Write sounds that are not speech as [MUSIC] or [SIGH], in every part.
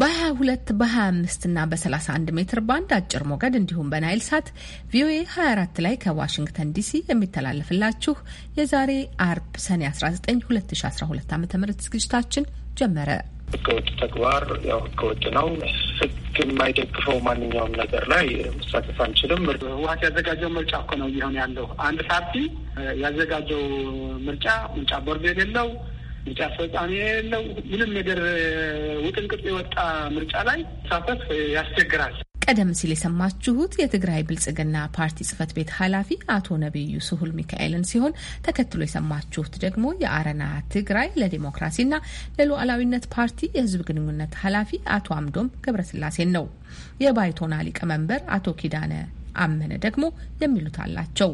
በ22 በ25 እና በ31 ሜትር ባንድ አጭር ሞገድ እንዲሁም በናይል ሳት ቪኦኤ 24 ላይ ከዋሽንግተን ዲሲ የሚተላለፍላችሁ የዛሬ አርብ ሰኔ 19 2012 ዓ ም ዝግጅታችን ጀመረ። ህገወጥ ተግባር ያው ህገወጥ ነው። ህግ የማይደግፈው ማንኛውም ነገር ላይ መሳተፍ አንችልም። ህወሀት ያዘጋጀው ምርጫ እኮ ነው እየሆነ ያለው። አንድ ፓርቲ ያዘጋጀው ምርጫ ምርጫ ቦርድ የሌለው ምርጫ አስፈጻሚ የሌለው ምንም ነገር ውጥንቅጥ የወጣ ምርጫ ላይ ሳፈት ያስቸግራል። ቀደም ሲል የሰማችሁት የትግራይ ብልጽግና ፓርቲ ጽህፈት ቤት ኃላፊ አቶ ነቢዩ ስሁል ሚካኤልን ሲሆን ተከትሎ የሰማችሁት ደግሞ የአረና ትግራይ ለዲሞክራሲና ለሉዓላዊነት ፓርቲ የህዝብ ግንኙነት ኃላፊ አቶ አምዶም ገብረስላሴን ነው። የባይቶና ሊቀመንበር አቶ ኪዳነ አመነ ደግሞ የሚሉት አላቸው።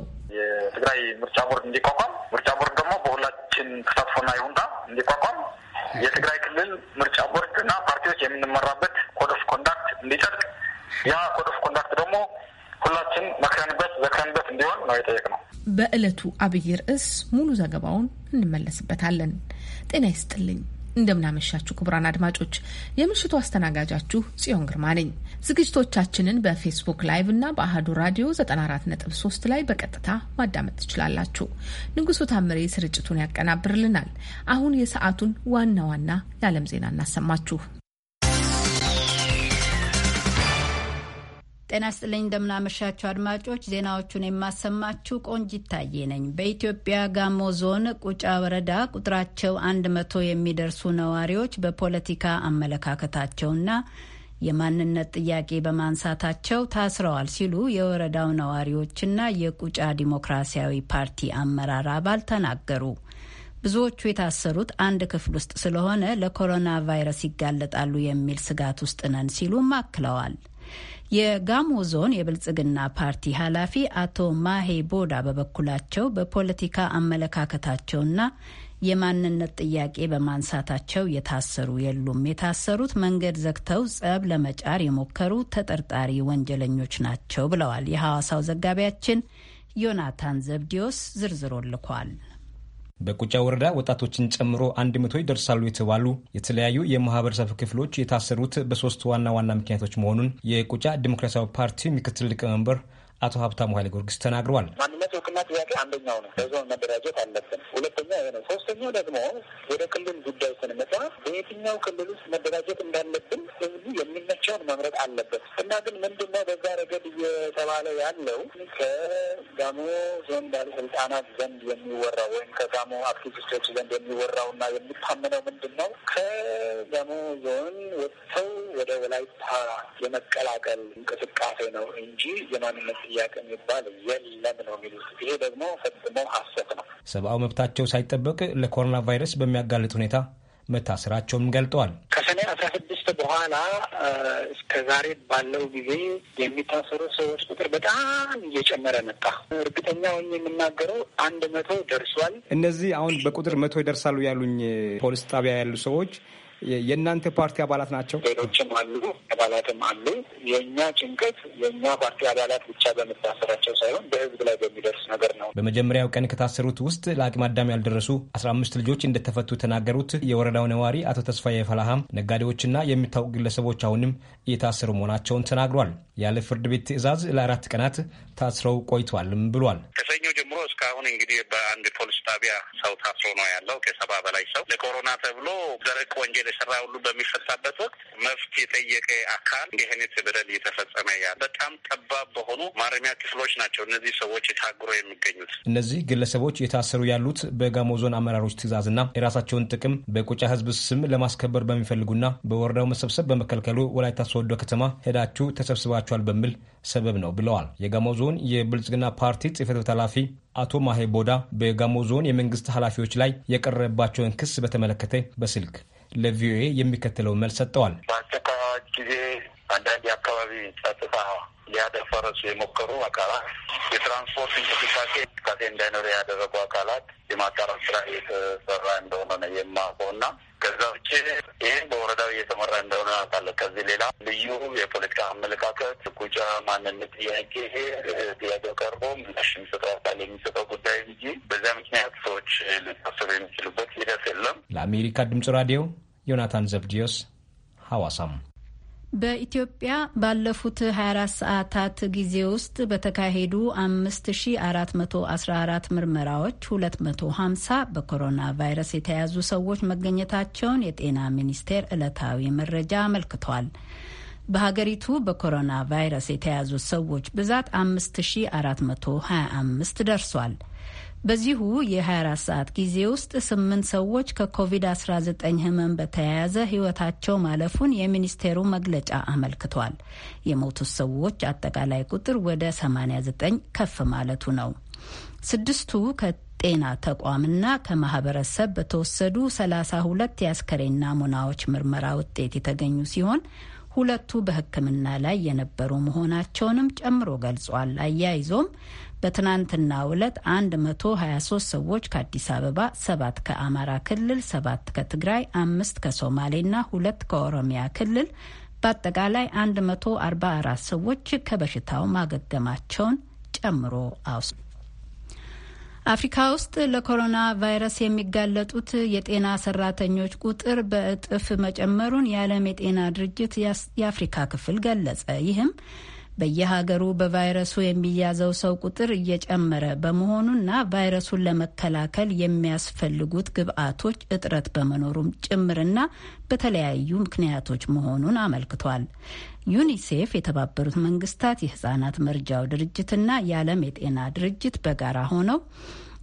የትግራይ ምርጫ ቦርድ እንዲቋቋም፣ ምርጫ ቦርድ ደግሞ በሁላችን ተሳትፎና ይሁንታ እንዲቋቋም፣ የትግራይ ክልል ምርጫ ቦርድ እና ፓርቲዎች የምንመራበት ኮድ ኦፍ ኮንዳክት እንዲጸድቅ፣ ያ ኮድ ኦፍ ኮንዳክት ደግሞ ሁላችን መክረንበት ዘክረንበት እንዲሆን ነው የጠየቅነው። በእለቱ አብይ ርዕስ ሙሉ ዘገባውን እንመለስበታለን። ጤና ይስጥልኝ። እንደምናመሻችሁ ክቡራን አድማጮች፣ የምሽቱ አስተናጋጃችሁ ጽዮን ግርማ ነኝ። ዝግጅቶቻችንን በፌስቡክ ላይቭ እና በአህዱ ራዲዮ 94.3 ላይ በቀጥታ ማዳመጥ ትችላላችሁ። ንጉሱ ታምሬ ስርጭቱን ያቀናብርልናል። አሁን የሰዓቱን ዋና ዋና የዓለም ዜና እናሰማችሁ። ጤና ስጥልኝ እንደምናመሻችሁ አድማጮች፣ ዜናዎቹን የማሰማችሁ ቆንጅ ይታየ ነኝ። በኢትዮጵያ ጋሞ ዞን ቁጫ ወረዳ ቁጥራቸው አንድ መቶ የሚደርሱ ነዋሪዎች በፖለቲካ አመለካከታቸውና የማንነት ጥያቄ በማንሳታቸው ታስረዋል ሲሉ የወረዳው ነዋሪዎችና የቁጫ ዲሞክራሲያዊ ፓርቲ አመራር አባል ተናገሩ። ብዙዎቹ የታሰሩት አንድ ክፍል ውስጥ ስለሆነ ለኮሮና ቫይረስ ይጋለጣሉ የሚል ስጋት ውስጥ ነን ሲሉም አክለዋል። የጋሞ ዞን የብልጽግና ፓርቲ ኃላፊ አቶ ማሄ ቦዳ በበኩላቸው በፖለቲካ አመለካከታቸውና የማንነት ጥያቄ በማንሳታቸው የታሰሩ የሉም። የታሰሩት መንገድ ዘግተው ጸብ ለመጫር የሞከሩ ተጠርጣሪ ወንጀለኞች ናቸው ብለዋል። የሐዋሳው ዘጋቢያችን ዮናታን ዘብዲዮስ ዝርዝሮ ልኳል። በቁጫ ወረዳ ወጣቶችን ጨምሮ አንድ መቶ ይደርሳሉ የተባሉ የተለያዩ የማህበረሰብ ክፍሎች የታሰሩት በሶስት ዋና ዋና ምክንያቶች መሆኑን የቁጫ ዲሞክራሲያዊ ፓርቲ ምክትል ሊቀመንበር አቶ ሀብታሙ ኃይለ ጊዮርጊስ ተናግረዋል። ማንነት እውቅና ጥያቄ አንደኛው ነው። በዞን መደራጀት አለብን። ሁለተኛ ነው። ሶስተኛው ደግሞ ወደ ክልል ጉዳይ ስንመጣ በየትኛው ክልል ውስጥ መደራጀት እንዳለብን ህዝቡ የሚመቸውን መምረጥ አለበት እና ግን ምንድነው በዛ ረገድ እየተባለ ያለው ከጋሞ ዞን ባለስልጣናት ዘንድ የሚወራው ወይም ከጋሞ አክቲቪስቶች ዘንድ የሚወራው እና የሚታመነው ምንድን ነው ከጋሞ ዞን ወጥተው ወደ ወላይታ የመቀላቀል እንቅስቃሴ ነው እንጂ የማንነት ጥያቄ የሚባል የለም ነው የሚሉት። ይሄ ደግሞ ፈጽሞ ሀሰት ነው። ሰብአዊ መብታቸው ሳይጠበቅ ለኮሮና ቫይረስ በሚያጋልጥ ሁኔታ መታሰራቸውም ገልጠዋል። ከሰኔ አስራ ስድስት በኋላ እስከ ዛሬ ባለው ጊዜ የሚታሰሩ ሰዎች ቁጥር በጣም እየጨመረ መጣ። እርግጠኛ ሆኜ የምናገረው አንድ መቶ ደርሷል። እነዚህ አሁን በቁጥር መቶ ይደርሳሉ ያሉኝ ፖሊስ ጣቢያ ያሉ ሰዎች የእናንተ ፓርቲ አባላት ናቸው። ሌሎችም አሉ፣ አባላትም አሉ። የእኛ ጭንቀት የእኛ ፓርቲ አባላት ብቻ በመታሰራቸው ሳይሆን በህዝብ ላይ በሚደርስ ነገር ነው። በመጀመሪያው ቀን ከታሰሩት ውስጥ ለአቅመ አዳም ያልደረሱ አስራ አምስት ልጆች እንደተፈቱ ተናገሩት የወረዳው ነዋሪ አቶ ተስፋዬ ፈላሃም። ነጋዴዎችና የሚታወቁ ግለሰቦች አሁንም እየታሰሩ መሆናቸውን ተናግሯል። ያለ ፍርድ ቤት ትዕዛዝ ለአራት ቀናት ታስረው ቆይቷልም ብሏል። ከሰኞ ጀምሮ እስካሁን እንግዲህ በአንድ ፖሊስ ጣቢያ ሰው ታስሮ ነው ያለው። ከሰባ በላይ ሰው ለኮሮና ተብሎ ደረቅ ወንጀል የተሰራ ሁሉ በሚፈታበት ወቅት መፍት የጠየቀ አካል ይህን በደል እየተፈጸመ ያ በጣም ጠባብ በሆኑ ማረሚያ ክፍሎች ናቸው እነዚህ ሰዎች የታግሮ የሚገኙት። እነዚህ ግለሰቦች የታሰሩ ያሉት በጋሞ ዞን አመራሮች ትዕዛዝና የራሳቸውን ጥቅም በቁጫ ህዝብ ስም ለማስከበር በሚፈልጉና በወረዳው መሰብሰብ በመከልከሉ ወላይታ ሶዶ ከተማ ሄዳችሁ ተሰብስባችኋል በሚል ሰበብ ነው ብለዋል። የጋሞ ዞን የብልጽግና ፓርቲ ጽህፈት ቤት ኃላፊ አቶ ማሄ ቦዳ በጋሞ ዞን የመንግስት ኃላፊዎች ላይ የቀረባቸውን ክስ በተመለከተ በስልክ ለቪኦኤ የሚከተለው መልስ ሰጥተዋል። በአስቸኳይ ጊዜ አንዳንድ የአካባቢ ጸጥታ ሊያደፈረሱ የሞከሩ አካላት፣ የትራንስፖርት እንቅስቃሴ እንቅስቃሴ እንዳይኖር ያደረጉ አካላት የማጣራት ስራ እየተሰራ እንደሆነ ነው የማውቀው እና ከዛ ውጭ ይህን በወረዳው እየተመራ እንደሆነ አውቃለሁ። ከዚህ ሌላ ልዩ የፖለቲካ አመለካከት ጉጫ ማንነት ጥያቄ ጥያቄ ቀርቦ ምላሽ የሚሰጠው አካል የሚሰጠው ጉዳይ እንጂ በዚያ ምክንያት ሰዎች ሊታሰሩ የሚችሉበት ሂደት የለም። ለአሜሪካ ድምጽ ራዲዮ ዮናታን ዘብዲዮስ ሐዋሳም በኢትዮጵያ ባለፉት 24 ሰዓታት ጊዜ ውስጥ በተካሄዱ 5414 ምርመራዎች 250 በኮሮና ቫይረስ የተያዙ ሰዎች መገኘታቸውን የጤና ሚኒስቴር ዕለታዊ መረጃ አመልክቷል። በሀገሪቱ በኮሮና ቫይረስ የተያዙ ሰዎች ብዛት 5425 ደርሷል። በዚሁ የ24 ሰዓት ጊዜ ውስጥ ስምንት ሰዎች ከኮቪድ-19 ህመም በተያያዘ ህይወታቸው ማለፉን የሚኒስቴሩ መግለጫ አመልክቷል። የሞቱት ሰዎች አጠቃላይ ቁጥር ወደ 89 ከፍ ማለቱ ነው። ስድስቱ ከጤና ተቋምና ከማህበረሰብ በተወሰዱ 32 የአስከሬን ናሙናዎች ምርመራ ውጤት የተገኙ ሲሆን ሁለቱ በሕክምና ላይ የነበሩ መሆናቸውንም ጨምሮ ገልጿል። አያይዞም በትናንትናው ዕለት 123 ሰዎች ከአዲስ አበባ፣ ሰባት ከአማራ ክልል፣ ሰባት ከትግራይ፣ አምስት ከሶማሌና ሁለት ከኦሮሚያ ክልል በአጠቃላይ 144 ሰዎች ከበሽታው ማገገማቸውን ጨምሮ አውስ አፍሪካ ውስጥ ለኮሮና ቫይረስ የሚጋለጡት የጤና ሰራተኞች ቁጥር በእጥፍ መጨመሩን የዓለም የጤና ድርጅት የአፍሪካ ክፍል ገለጸ። ይህም በየሀገሩ በቫይረሱ የሚያዘው ሰው ቁጥር እየጨመረ በመሆኑና ቫይረሱን ለመከላከል የሚያስፈልጉት ግብአቶች እጥረት በመኖሩም ጭምርና በተለያዩ ምክንያቶች መሆኑን አመልክቷል። ዩኒሴፍ፣ የተባበሩት መንግስታት የህጻናት መርጃው ድርጅትና የዓለም የጤና ድርጅት በጋራ ሆነው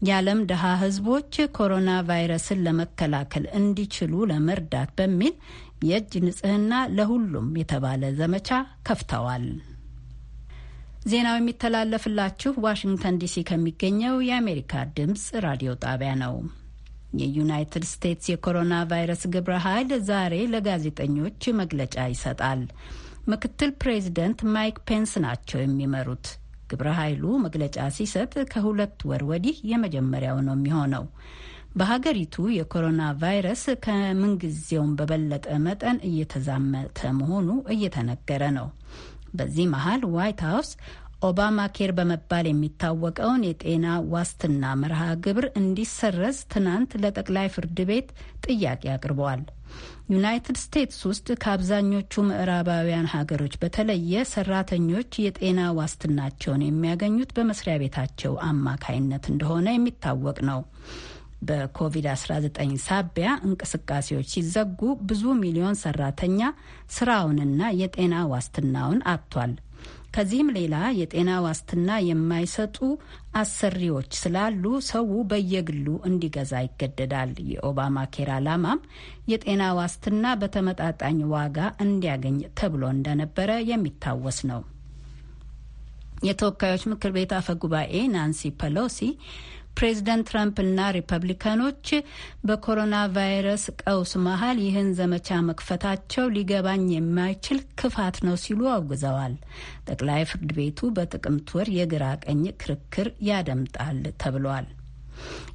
የዓለም ድሃ ህዝቦች ኮሮና ቫይረስን ለመከላከል እንዲችሉ ለመርዳት በሚል የእጅ ንጽህና ለሁሉም የተባለ ዘመቻ ከፍተዋል። ዜናው የሚተላለፍላችሁ ዋሽንግተን ዲሲ ከሚገኘው የአሜሪካ ድምፅ ራዲዮ ጣቢያ ነው። የዩናይትድ ስቴትስ የኮሮና ቫይረስ ግብረ ኃይል ዛሬ ለጋዜጠኞች መግለጫ ይሰጣል። ምክትል ፕሬዚደንት ማይክ ፔንስ ናቸው የሚመሩት። ግብረ ኃይሉ መግለጫ ሲሰጥ ከሁለት ወር ወዲህ የመጀመሪያው ነው የሚሆነው። በሀገሪቱ የኮሮና ቫይረስ ከምንጊዜውም በበለጠ መጠን እየተዛመተ መሆኑ እየተነገረ ነው። በዚህ መሀል ዋይት ሀውስ ኦባማ ኬር በመባል የሚታወቀውን የጤና ዋስትና መርሃ ግብር እንዲሰረዝ ትናንት ለጠቅላይ ፍርድ ቤት ጥያቄ አቅርበዋል። ዩናይትድ ስቴትስ ውስጥ ከአብዛኞቹ ምዕራባውያን ሀገሮች በተለየ ሰራተኞች የጤና ዋስትናቸውን የሚያገኙት በመስሪያ ቤታቸው አማካይነት እንደሆነ የሚታወቅ ነው። በኮቪድ-19 ሳቢያ እንቅስቃሴዎች ሲዘጉ ብዙ ሚሊዮን ሰራተኛ ስራውንና የጤና ዋስትናውን አጥቷል። ከዚህም ሌላ የጤና ዋስትና የማይሰጡ አሰሪዎች ስላሉ ሰው በየግሉ እንዲገዛ ይገደዳል። የኦባማ ኬር አላማም የጤና ዋስትና በተመጣጣኝ ዋጋ እንዲያገኝ ተብሎ እንደነበረ የሚታወስ ነው። የተወካዮች ምክር ቤት አፈ ጉባኤ ናንሲ ፐሎሲ ፕሬዚደንት ትራምፕና ሪፐብሊካኖች በኮሮና ቫይረስ ቀውስ መሀል ይህን ዘመቻ መክፈታቸው ሊገባኝ የማይችል ክፋት ነው ሲሉ አውግዘዋል። ጠቅላይ ፍርድ ቤቱ በጥቅምት ወር የግራ ቀኝ ክርክር ያደምጣል ተብሏል።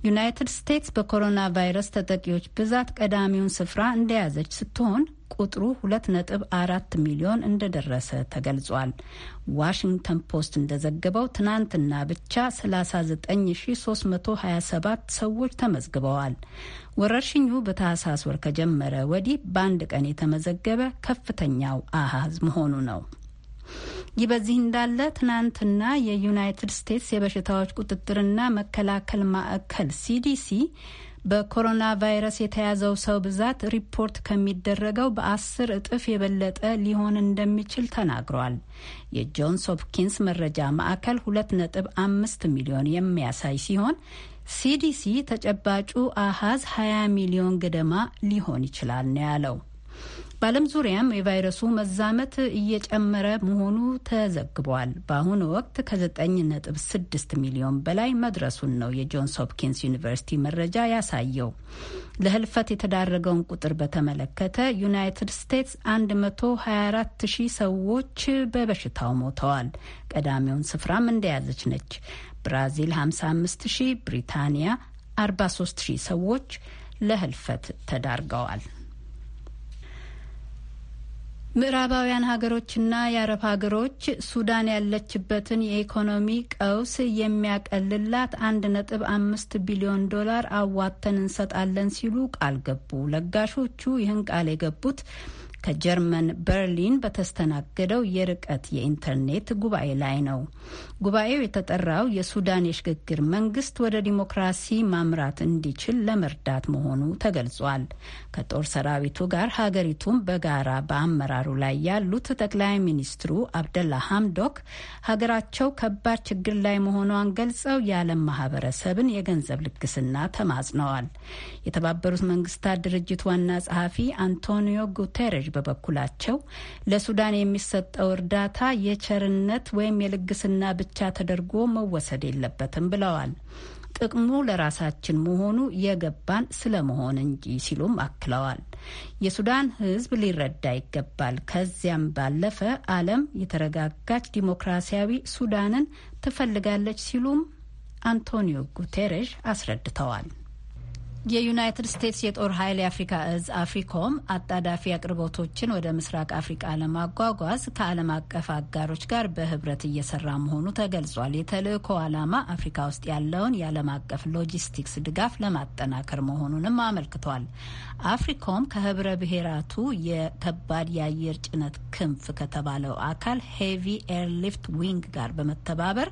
ዩናይትድ ስቴትስ በኮሮና ቫይረስ ተጠቂዎች ብዛት ቀዳሚውን ስፍራ እንደያዘች ስትሆን ቁጥሩ ሁለት ነጥብ አራት ሚሊዮን እንደደረሰ ተገልጿል። ዋሽንግተን ፖስት እንደዘገበው ትናንትና ብቻ 39327 ሰዎች ተመዝግበዋል። ወረርሽኙ በታህሳስ ወር ከጀመረ ወዲህ በአንድ ቀን የተመዘገበ ከፍተኛው አሃዝ መሆኑ ነው። ይህ በዚህ እንዳለ ትናንትና የዩናይትድ ስቴትስ የበሽታዎች ቁጥጥርና መከላከል ማዕከል ሲዲሲ በኮሮና ቫይረስ የተያዘው ሰው ብዛት ሪፖርት ከሚደረገው በአስር እጥፍ የበለጠ ሊሆን እንደሚችል ተናግሯል። የጆንስ ሆፕኪንስ መረጃ ማዕከል ሁለት ነጥብ አምስት ሚሊዮን የሚያሳይ ሲሆን ሲዲሲ ተጨባጩ አሃዝ 20 ሚሊዮን ገደማ ሊሆን ይችላል ነው ያለው። በዓለም ዙሪያም የቫይረሱ መዛመት እየጨመረ መሆኑ ተዘግቧል። በአሁኑ ወቅት ከ9.6 ሚሊዮን በላይ መድረሱን ነው የጆንስ ሆፕኪንስ ዩኒቨርሲቲ መረጃ ያሳየው። ለህልፈት የተዳረገውን ቁጥር በተመለከተ ዩናይትድ ስቴትስ 124 ሺህ ሰዎች በበሽታው ሞተዋል። ቀዳሚውን ስፍራም እንደያዘች ነች። ብራዚል 55 ሺህ፣ ብሪታንያ 43 ሺህ ሰዎች ለህልፈት ተዳርገዋል። ምዕራባውያን ሀገሮችና የአረብ ሀገሮች ሱዳን ያለችበትን የኢኮኖሚ ቀውስ የሚያቀልላት አንድ ነጥብ አምስት ቢሊዮን ዶላር አዋተን እንሰጣለን ሲሉ ቃል ገቡ። ለጋሾቹ ይህን ቃል የገቡት ከጀርመን በርሊን በተስተናገደው የርቀት የኢንተርኔት ጉባኤ ላይ ነው። ጉባኤው የተጠራው የሱዳን የሽግግር መንግስት ወደ ዲሞክራሲ ማምራት እንዲችል ለመርዳት መሆኑ ተገልጿል። ከጦር ሰራዊቱ ጋር ሀገሪቱን በጋራ በአመራሩ ላይ ያሉት ጠቅላይ ሚኒስትሩ አብደላ ሀምዶክ ሀገራቸው ከባድ ችግር ላይ መሆኗን ገልጸው የዓለም ማህበረሰብን የገንዘብ ልግስና ተማጽነዋል። የተባበሩት መንግስታት ድርጅት ዋና ጸሐፊ አንቶኒዮ ጉቴሬሽ በበኩላቸው ለሱዳን የሚሰጠው እርዳታ የቸርነት ወይም የልግስና ብቻ ተደርጎ መወሰድ የለበትም ብለዋል። ጥቅሙ ለራሳችን መሆኑ የገባን ስለመሆን እንጂ ሲሉም አክለዋል። የሱዳን ሕዝብ ሊረዳ ይገባል። ከዚያም ባለፈ ዓለም የተረጋጋች ዲሞክራሲያዊ ሱዳንን ትፈልጋለች ሲሉም አንቶኒዮ ጉቴሬሽ አስረድተዋል። የዩናይትድ ስቴትስ የጦር ኃይል የአፍሪካ እዝ አፍሪኮም አጣዳፊ አቅርቦቶችን ወደ ምስራቅ አፍሪቃ ለማጓጓዝ ከዓለም አቀፍ አጋሮች ጋር በህብረት እየሰራ መሆኑ ተገልጿል። የተልእኮ ዓላማ አፍሪካ ውስጥ ያለውን የዓለም አቀፍ ሎጂስቲክስ ድጋፍ ለማጠናከር መሆኑንም አመልክቷል። አፍሪኮም ከህብረ ብሔራቱ የከባድ የአየር ጭነት ክንፍ ከተባለው አካል ሄቪ ኤርሊፍት ዊንግ ጋር በመተባበር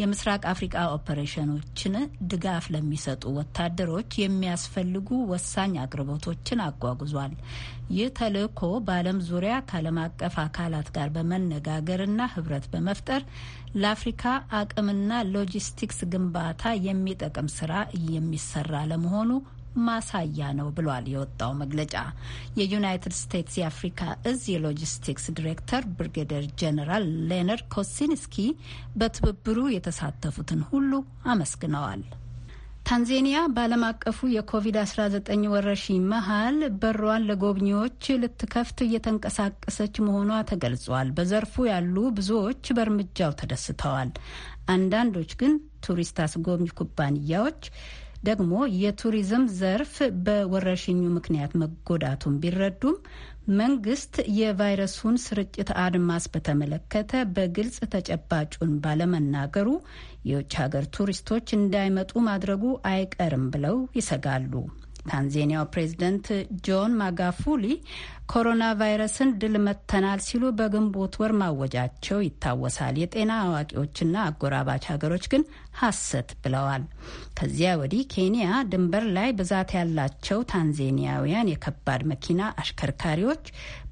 የምስራቅ አፍሪቃ ኦፐሬሽኖችን ድጋፍ ለሚሰጡ ወታደሮች የሚያስፈልጉ ወሳኝ አቅርቦቶችን አጓጉዟል። ይህ ተልእኮ በዓለም ዙሪያ ከዓለም አቀፍ አካላት ጋር በመነጋገርና ህብረት በመፍጠር ለአፍሪካ አቅምና ሎጂስቲክስ ግንባታ የሚጠቅም ስራ የሚሰራ ለመሆኑ ማሳያ ነው ብሏል የወጣው መግለጫ። የዩናይትድ ስቴትስ የአፍሪካ እዝ የሎጂስቲክስ ዲሬክተር ብርጌደር ጀነራል ሌነር ኮሲንስኪ በትብብሩ የተሳተፉትን ሁሉ አመስግነዋል። ታንዜኒያ በዓለም አቀፉ የኮቪድ-19 ወረርሽኝ መሀል በሯን ለጎብኚዎች ልትከፍት እየተንቀሳቀሰች መሆኗ ተገልጿል። በዘርፉ ያሉ ብዙዎች በእርምጃው ተደስተዋል። አንዳንዶች ግን ቱሪስት አስጎብኝ ኩባንያዎች ደግሞ የቱሪዝም ዘርፍ በወረርሽኙ ምክንያት መጎዳቱን ቢረዱም መንግስት የቫይረሱን ስርጭት አድማስ በተመለከተ በግልጽ ተጨባጩን ባለመናገሩ የውጭ ሀገር ቱሪስቶች እንዳይመጡ ማድረጉ አይቀርም ብለው ይሰጋሉ። ታንዜኒያው ፕሬዝደንት ጆን ማጋፉሊ ኮሮና ቫይረስን ድል መተናል ሲሉ በግንቦት ወር ማወጃቸው ይታወሳል። የጤና አዋቂዎችና አጎራባች ሀገሮች ግን ሐሰት ብለዋል። ከዚያ ወዲህ ኬንያ ድንበር ላይ ብዛት ያላቸው ታንዜኒያውያን የከባድ መኪና አሽከርካሪዎች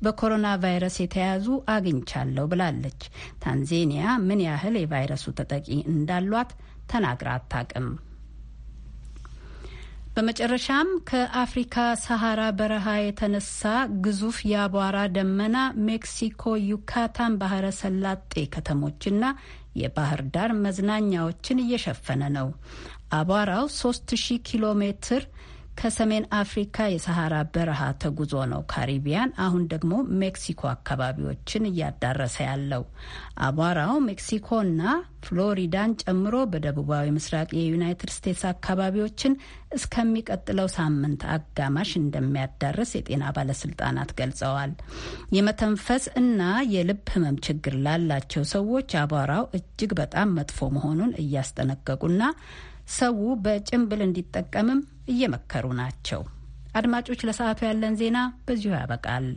በኮሮና ቫይረስ የተያዙ አግኝቻለሁ ብላለች። ታንዜኒያ ምን ያህል የቫይረሱ ተጠቂ እንዳሏት ተናግራ አታውቅም። በመጨረሻም ከአፍሪካ ሰሃራ በረሃ የተነሳ ግዙፍ የአቧራ ደመና ሜክሲኮ ዩካታን ባህረ ሰላጤ ከተሞችና የባህር ዳር መዝናኛዎችን እየሸፈነ ነው። አቧራው 3000 ኪሎ ሜትር ከሰሜን አፍሪካ የሰሃራ በረሃ ተጉዞ ነው ካሪቢያን፣ አሁን ደግሞ ሜክሲኮ አካባቢዎችን እያዳረሰ ያለው። አቧራው ሜክሲኮና ፍሎሪዳን ጨምሮ በደቡባዊ ምስራቅ የዩናይትድ ስቴትስ አካባቢዎችን እስከሚቀጥለው ሳምንት አጋማሽ እንደሚያዳርስ የጤና ባለስልጣናት ገልጸዋል። የመተንፈስ እና የልብ ህመም ችግር ላላቸው ሰዎች አቧራው እጅግ በጣም መጥፎ መሆኑን እያስጠነቀቁና ሰው በጭንብል እንዲጠቀምም እየመከሩ ናቸው። አድማጮች፣ ለሰዓቱ ያለን ዜና በዚሁ ያበቃል።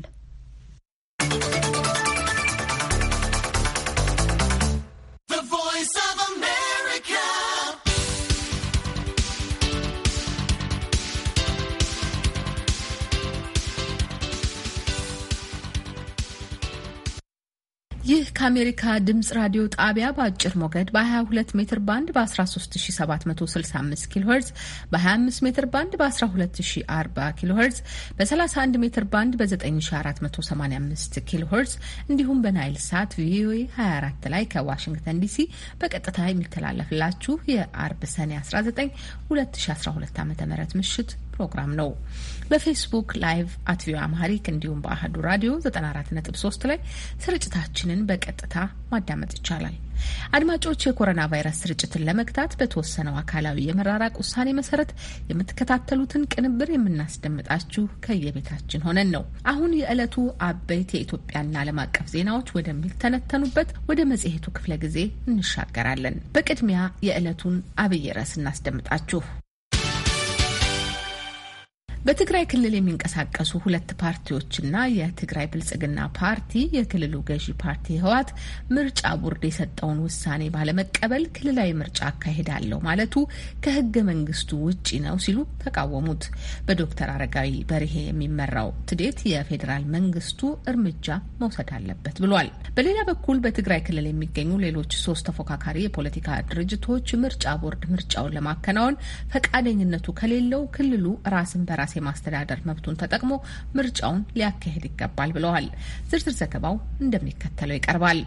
ይህ ከአሜሪካ ድምጽ ራዲዮ ጣቢያ በአጭር ሞገድ በ22 ሜትር ባንድ በ13765 ኪሎ ሄርዝ በ25 ሜትር ባንድ በ1240 ኪሎ ሄርዝ በ31 ሜትር ባንድ በ9485 ኪሎ ሄርዝ እንዲሁም በናይል ሳት ቪኦኤ 24 ላይ ከዋሽንግተን ዲሲ በቀጥታ የሚተላለፍላችሁ የአርብ ሰኔ 19 2012 ዓ.ም ምሽት ፕሮግራም ነው። በፌስቡክ ላይቭ አት ቪኦኤ አማሪክ እንዲሁም በአህዱ ራዲዮ 94.3 ላይ ስርጭታችንን በቀጥታ ማዳመጥ ይቻላል። አድማጮች የኮሮና ቫይረስ ስርጭትን ለመግታት በተወሰነው አካላዊ የመራራቅ ውሳኔ መሰረት የምትከታተሉትን ቅንብር የምናስደምጣችሁ ከየቤታችን ሆነን ነው። አሁን የዕለቱ አበይት የኢትዮጵያና ዓለም አቀፍ ዜናዎች ወደሚተነተኑበት ወደ መጽሔቱ ክፍለ ጊዜ እንሻገራለን። በቅድሚያ የዕለቱን አብይ ርዕስ እናስደምጣችሁ። በትግራይ ክልል የሚንቀሳቀሱ ሁለት ፓርቲዎችና የትግራይ ብልጽግና ፓርቲ የክልሉ ገዢ ፓርቲ ህወሓት ምርጫ ቦርድ የሰጠውን ውሳኔ ባለመቀበል ክልላዊ ምርጫ አካሄዳለሁ ማለቱ ከህገ መንግስቱ ውጪ ነው ሲሉ ተቃወሙት። በዶክተር አረጋዊ በርሄ የሚመራው ትዴት የፌዴራል መንግስቱ እርምጃ መውሰድ አለበት ብሏል። በሌላ በኩል በትግራይ ክልል የሚገኙ ሌሎች ሶስት ተፎካካሪ የፖለቲካ ድርጅቶች ምርጫ ቦርድ ምርጫውን ለማከናወን ፈቃደኝነቱ ከሌለው ክልሉ ራስን በራስ ራስ የማስተዳደር መብቱን ተጠቅሞ ምርጫውን ሊያካሄድ ይገባል ብለዋል። ዝርዝር ዘገባው እንደሚከተለው ይቀርባል።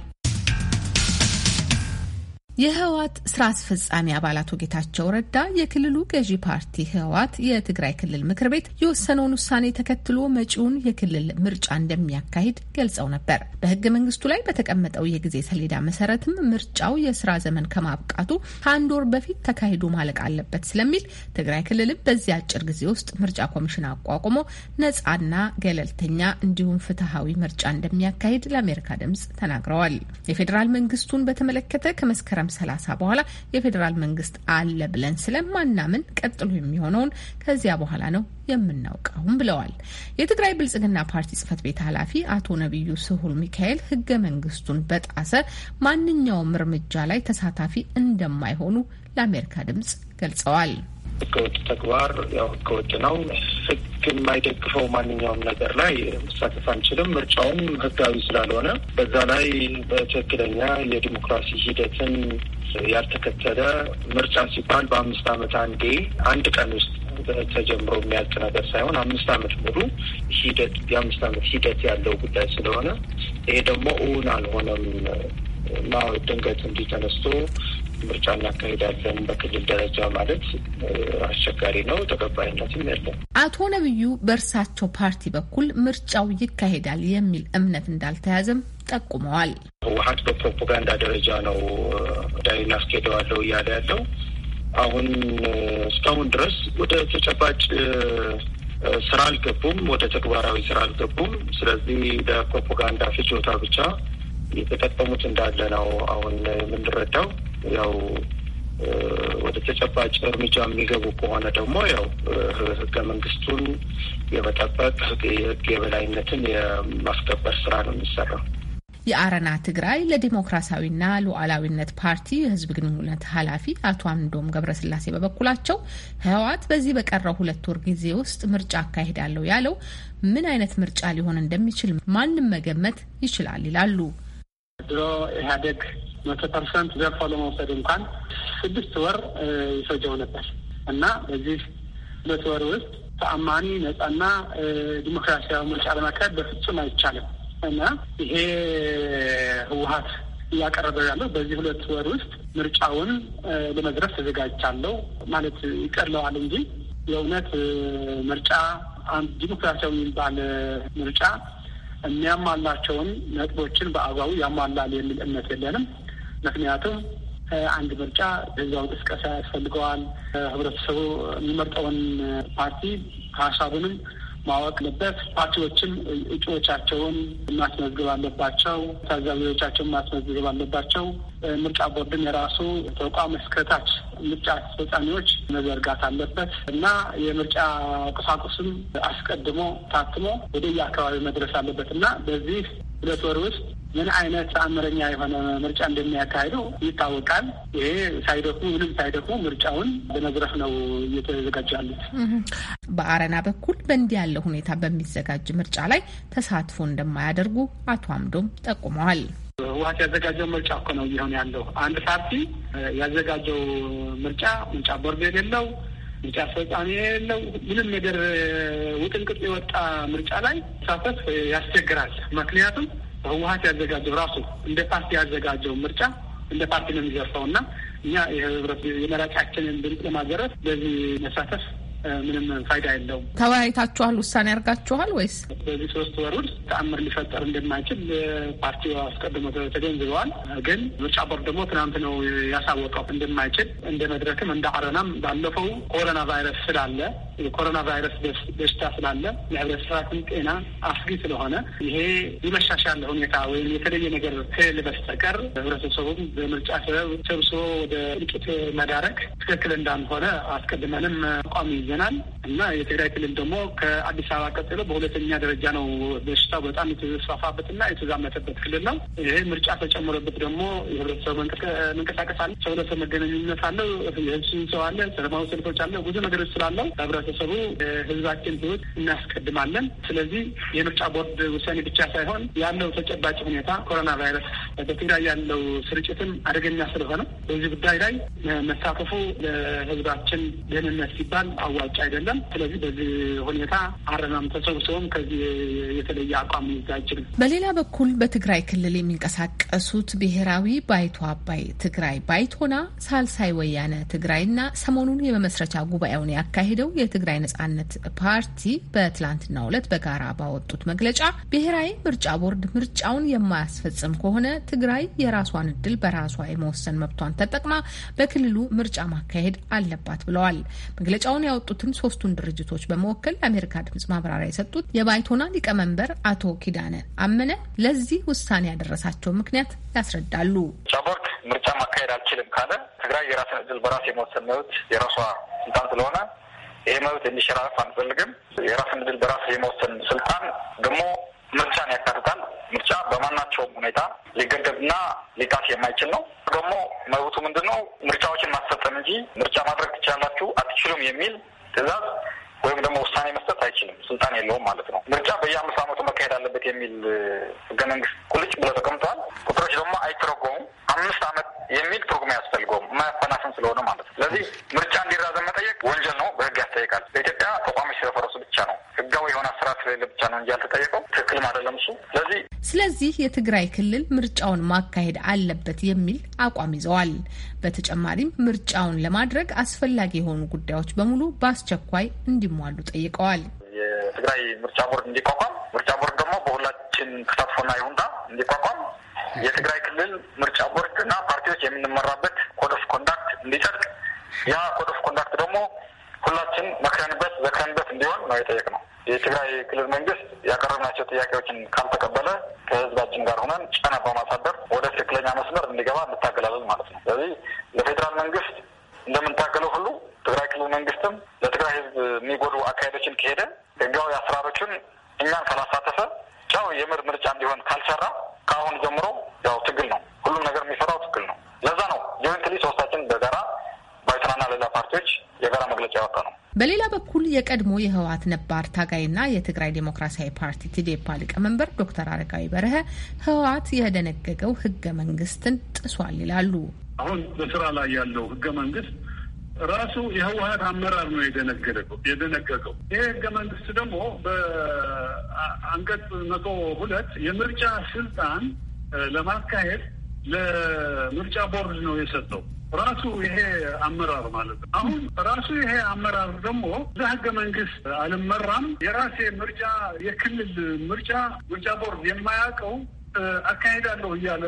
የህወሓት ስራ አስፈጻሚ አባል አቶ ጌታቸው ረዳ የክልሉ ገዢ ፓርቲ ህወሓት የትግራይ ክልል ምክር ቤት የወሰነውን ውሳኔ ተከትሎ መጪውን የክልል ምርጫ እንደሚያካሂድ ገልጸው ነበር። በህገ መንግስቱ ላይ በተቀመጠው የጊዜ ሰሌዳ መሰረትም ምርጫው የስራ ዘመን ከማብቃቱ ከአንድ ወር በፊት ተካሂዶ ማለቅ አለበት ስለሚል ትግራይ ክልልም በዚህ አጭር ጊዜ ውስጥ ምርጫ ኮሚሽን አቋቁሞ ነጻና ገለልተኛ እንዲሁም ፍትሐዊ ምርጫ እንደሚያካሂድ ለአሜሪካ ድምጽ ተናግረዋል። የፌዴራል መንግስቱን በተመለከተ ከመስከረም መስከረም 30 በኋላ የፌዴራል መንግስት አለ ብለን ስለማናምን ቀጥሎ የሚሆነውን ከዚያ በኋላ ነው የምናውቀውም ብለዋል። የትግራይ ብልጽግና ፓርቲ ጽህፈት ቤት ኃላፊ አቶ ነቢዩ ስሁል ሚካኤል ህገ መንግስቱን በጣሰ ማንኛውም እርምጃ ላይ ተሳታፊ እንደማይሆኑ ለአሜሪካ ድምጽ ገልጸዋል። ህገወጥ ተግባር ያው ህገወጥ ነው። ህግ የማይደግፈው ማንኛውም ነገር ላይ መሳተፍ አንችልም። ምርጫውም ህጋዊ ስላልሆነ በዛ ላይ በትክክለኛ የዲሞክራሲ ሂደትን ያልተከተለ ምርጫ ሲባል በአምስት ዓመት አንዴ አንድ ቀን ውስጥ ተጀምሮ የሚያልቅ ነገር ሳይሆን አምስት ዓመት ሙሉ ሂደት የአምስት ዓመት ሂደት ያለው ጉዳይ ስለሆነ ይሄ ደግሞ እውን አልሆነም እና ድንገት እንዲህ ተነስቶ ምርጫ እናካሄዳለን በክልል ደረጃ ማለት አስቸጋሪ ነው፣ ተቀባይነትም የለም። አቶ ነብዩ በእርሳቸው ፓርቲ በኩል ምርጫው ይካሄዳል የሚል እምነት እንዳልተያዘም ጠቁመዋል። ህወሀት በፕሮፓጋንዳ ደረጃ ነው ዳይ እናስኬደዋለሁ እያለ ያለው አሁን እስካሁን ድረስ ወደ ተጨባጭ ስራ አልገቡም፣ ወደ ተግባራዊ ስራ አልገቡም። ስለዚህ ለፕሮፓጋንዳ ፍጆታ ብቻ የተጠቀሙት እንዳለ ነው አሁን የምንረዳው። ያው ወደ ተጨባጭ እርምጃ የሚገቡ ከሆነ ደግሞ ያው ህገ መንግስቱን የመጠበቅ የህግ የበላይነትን የማስከበር ስራ ነው የሚሰራው። የአረና ትግራይ ለዲሞክራሲያዊና ሉዓላዊነት ፓርቲ የህዝብ ግንኙነት ኃላፊ አቶ አምዶም ገብረስላሴ በበኩላቸው ህወሓት በዚህ በቀረው ሁለት ወር ጊዜ ውስጥ ምርጫ አካሂዳለሁ ያለው ምን አይነት ምርጫ ሊሆን እንደሚችል ማንም መገመት ይችላል ይላሉ። ድሮ ኢህአዴግ መቶ ፐርሰንት ዘርፎ ለመውሰድ እንኳን ስድስት ወር ይፈጀው ነበር እና በዚህ ሁለት ወር ውስጥ ተአማኒ ነጻና ዲሞክራሲያዊ ምርጫ ለማካሄድ በፍጹም አይቻልም እና ይሄ ህወሀት እያቀረበ ያለው በዚህ ሁለት ወር ውስጥ ምርጫውን ለመድረስ ተዘጋጅቻለሁ ማለት ይቀለዋል እንጂ የእውነት ምርጫ ዲሞክራሲያዊ የሚባል ምርጫ የሚያሟላቸውን ነጥቦችን በአግባቡ ያሟላል የሚል እምነት የለንም። ምክንያቱም አንድ ምርጫ ህዝባዊ ቅስቀሳ ያስፈልገዋል። ህብረተሰቡ የሚመርጠውን ፓርቲ ሀሳቡንም ማወቅ አለበት። ፓርቲዎችም እጩዎቻቸውን ማስመዝገብ አለባቸው። ታዛቢዎቻቸውን ማስመዝገብ አለባቸው። ምርጫ ቦርድም የራሱ ተቋም እስከታች ምርጫ አስፈጻሚዎች መዘርጋት አለበት እና የምርጫ ቁሳቁስም አስቀድሞ ታትሞ ወደ የአካባቢ መድረስ አለበት እና በዚህ ሁለት ወር ውስጥ ምን አይነት ተአምረኛ የሆነ ምርጫ እንደሚያካሂዱ ይታወቃል። ይሄ ሳይደክሙ ምንም ሳይደክሙ ምርጫውን በመዝረፍ ነው እየተዘጋጁ ያሉት። በአረና በኩል በእንዲህ ያለ ሁኔታ በሚዘጋጅ ምርጫ ላይ ተሳትፎ እንደማያደርጉ አቶ አምዶም ጠቁመዋል። ህወሀት ያዘጋጀው ምርጫ እኮ ነው እየሆነ ያለው። አንድ ፓርቲ ያዘጋጀው ምርጫ ምርጫ ቦርድ የሌለው ምርጫ አስፈጻሚ የሌለው ምንም ነገር ውጥንቅጥ የወጣ ምርጫ ላይ ሳፈት ያስቸግራል። ምክንያቱም ህወሀት ያዘጋጀው ራሱ እንደ ፓርቲ ያዘጋጀው ምርጫ እንደ ፓርቲ ነው የሚዘርፈው እና እኛ የህብረት የመራጫችንን ድምፅ ለማዘረፍ በዚህ መሳተፍ ምንም ፋይዳ የለውም። ተወያይታችኋል? ውሳኔ ያርጋችኋል ወይስ? በዚህ ሶስት ወር ውስጥ ተአምር ሊፈጠር እንደማይችል ፓርቲው አስቀድሞ ተገንዝበዋል። ግን ምርጫ ቦርድ ደግሞ ትናንት ነው ያሳወቀው እንደማይችል እንደ መድረክም እንደ አረናም ባለፈው ኮሮና ቫይረስ ስላለ የኮሮና ቫይረስ በሽታ ስላለ የህብረተሰባችን ጤና አስጊ ስለሆነ ይሄ ይመሻሻል ሁኔታ ወይም የተለየ ነገር ከሌለ በስተቀር ህብረተሰቡም በምርጫ ሰበብ ሰብሶ ወደ እልቂት መዳረግ ትክክል እንዳልሆነ አስቀድመንም አቋሚ ይዘናል እና የትግራይ ክልል ደግሞ ከአዲስ አበባ ቀጥሎ በሁለተኛ ደረጃ ነው በሽታው በጣም የተስፋፋበትና የተዛመተበት ክልል ነው። ይህ ምርጫ ተጨምሮበት ደግሞ የህብረተሰቡ መንቀሳቀስ አለ፣ ሰውለሰብ መገናኝነት አለው፣ የህብስ ሰው አለ፣ ሰለማዊ ሰልፎች አለ፣ ብዙ ነገሮች ስላለው ህብረተሰቡ ህዝባችን ህይወት እናስቀድማለን። ስለዚህ የምርጫ ቦርድ ውሳኔ ብቻ ሳይሆን ያለው ተጨባጭ ሁኔታ ኮሮና ቫይረስ በትግራይ ያለው ስርጭትም አደገኛ ስለሆነ በዚህ ጉዳይ ላይ መሳተፉ ለህዝባችን ደህንነት ሲባል አዋጭ አይደለም። ስለዚህ በዚህ ሁኔታ አረናም ተሰብስበውም ከዚህ የተለየ አቋም ይዛ አይችልም። በሌላ በኩል በትግራይ ክልል የሚንቀሳቀሱት ብሔራዊ ባይቶ አባይ ትግራይ ባይቶና፣ ሳልሳይ ወያነ ትግራይና ሰሞኑን የመመስረቻ ጉባኤውን ያካሄደው የትግራይ ነጻነት ፓርቲ በትላንትናው ዕለት በጋራ ባወጡት መግለጫ ብሔራዊ ምርጫ ቦርድ ምርጫውን የማያስፈጽም ከሆነ ትግራይ የራሷን እድል በራሷ የመወሰን መብቷን ተጠቅማ በክልሉ ምርጫ ማካሄድ አለባት ብለዋል። መግለጫውን ያወጡትን ሶስቱን ድርጅቶች በመወከል ለአሜሪካ ድምጽ ማብራሪያ የሰጡት የባይቶና ሊቀመንበር አቶ ኪዳነ አመነ ለዚህ ውሳኔ ያደረሳቸው ምክንያት ያስረዳሉ። ቦርድ ምርጫ ማካሄድ አልችልም ካለ ትግራይ የራስን እድል በራስ የመወሰን መብት የራሷ ስልጣን ስለሆነ ይህ መብት እንዲሸራረፍ አንፈልግም። የራስን እድል በራስ የመወሰን ስልጣን ደግሞ ምርጫን ያካትታል። ምርጫ በማናቸውም ሁኔታ ሊገደብና ሊጣስ የማይችል ነው። ደግሞ መብቱ ምንድን ነው? ምርጫዎችን ማስፈጸም እንጂ ምርጫ ማድረግ ትችላላችሁ አትችሉም የሚል ትዕዛዝ ወይም ደግሞ ውሳኔ መስጠት አይችልም። ስልጣን የለውም ማለት ነው። ምርጫ በየአምስት ዓመቱ መካሄድ አለበት የሚል ህገ መንግስት ቁልጭ ብሎ ተቀምጧል። ቁጥሮች ደግሞ አይተረጎሙም። አምስት ዓመት የሚል ትርጉም አያስፈልገውም የማያፈናስም ስለሆነ ማለት ነው። ስለዚህ ምርጫ እንዲራዘ መጠየቅ ወንጀል ነው፣ በህግ ያስጠይቃል። በኢትዮጵያ ተቋሞች ስለፈረሱ ብቻ ነው ህጋዊ የሆነ አሰራር ስለሌለ ብቻ ነው እንጂ ያልተጠየቀው ትክክልም አይደለም እሱ። ስለዚህ ስለዚህ የትግራይ ክልል ምርጫውን ማካሄድ አለበት የሚል አቋም ይዘዋል። በተጨማሪም ምርጫውን ለማድረግ አስፈላጊ የሆኑ ጉዳዮች በሙሉ በአስቸኳይ እንዲሟሉ ጠይቀዋል። የትግራይ ምርጫ ቦርድ እንዲቋቋም፣ ምርጫ ቦርድ ደግሞ በሁላችን ተሳትፎና ይሁንታ እንዲቋቋም የትግራይ ክልል ምርጫ ቦርድ እና ፓርቲዎች የምንመራበት ኮድ ኦፍ ኮንዳክት እንዲጸድቅ ያ ኮድ ኦፍ ኮንዳክት ደግሞ ሁላችን መክረንበት ዘክረንበት እንዲሆን ነው የጠየቅነው። የትግራይ ክልል መንግስት ያቀረብናቸው ጥያቄዎችን ካልተቀበለ ከህዝባችን ጋር ሆነን ጫና በማሳደር ወደ ትክክለኛ መስመር እንዲገባ እንታገላለን ማለት ነው። ስለዚህ ለፌዴራል መንግስት እንደምንታገለው ሁሉ ትግራይ ክልል መንግስትም ለትግራይ ህዝብ የሚጎዱ አካሄዶችን ከሄደ ህጋዊ አሰራሮችን እኛን ካላሳተፈ ጫው የምር ምርጫ እንዲሆን ካልሰራ ከአሁን ጀምሮ ያው ትግል ነው። ሁሉም ነገር የሚሰራው ትግል ነው። ለዛ ነው ጆይንትሊ ሶስታችን በጋራ ባይቶናና ሌላ ፓርቲዎች የጋራ መግለጫ ያወጣ ነው። በሌላ በኩል የቀድሞ የህወሓት ነባር ታጋይና የትግራይ ዴሞክራሲያዊ ፓርቲ ቲዴፓ ሊቀመንበር ዶክተር አረጋዊ በረሀ ህወሓት የደነገገው ህገ መንግስትን ጥሷል ይላሉ። አሁን በስራ ላይ ያለው ህገ መንግስት ራሱ የህወሀት አመራር ነው የደነገገው የደነገገው። ይሄ ህገ መንግስት ደግሞ በአንቀጽ መቶ ሁለት የምርጫ ስልጣን ለማካሄድ ለምርጫ ቦርድ ነው የሰጠው። ራሱ ይሄ አመራር ማለት ነው። አሁን ራሱ ይሄ አመራር ደግሞ እዛ ህገ መንግስት አልመራም የራሴ ምርጫ የክልል ምርጫ ምርጫ ቦርድ የማያውቀው አካሄዳለሁ እያለ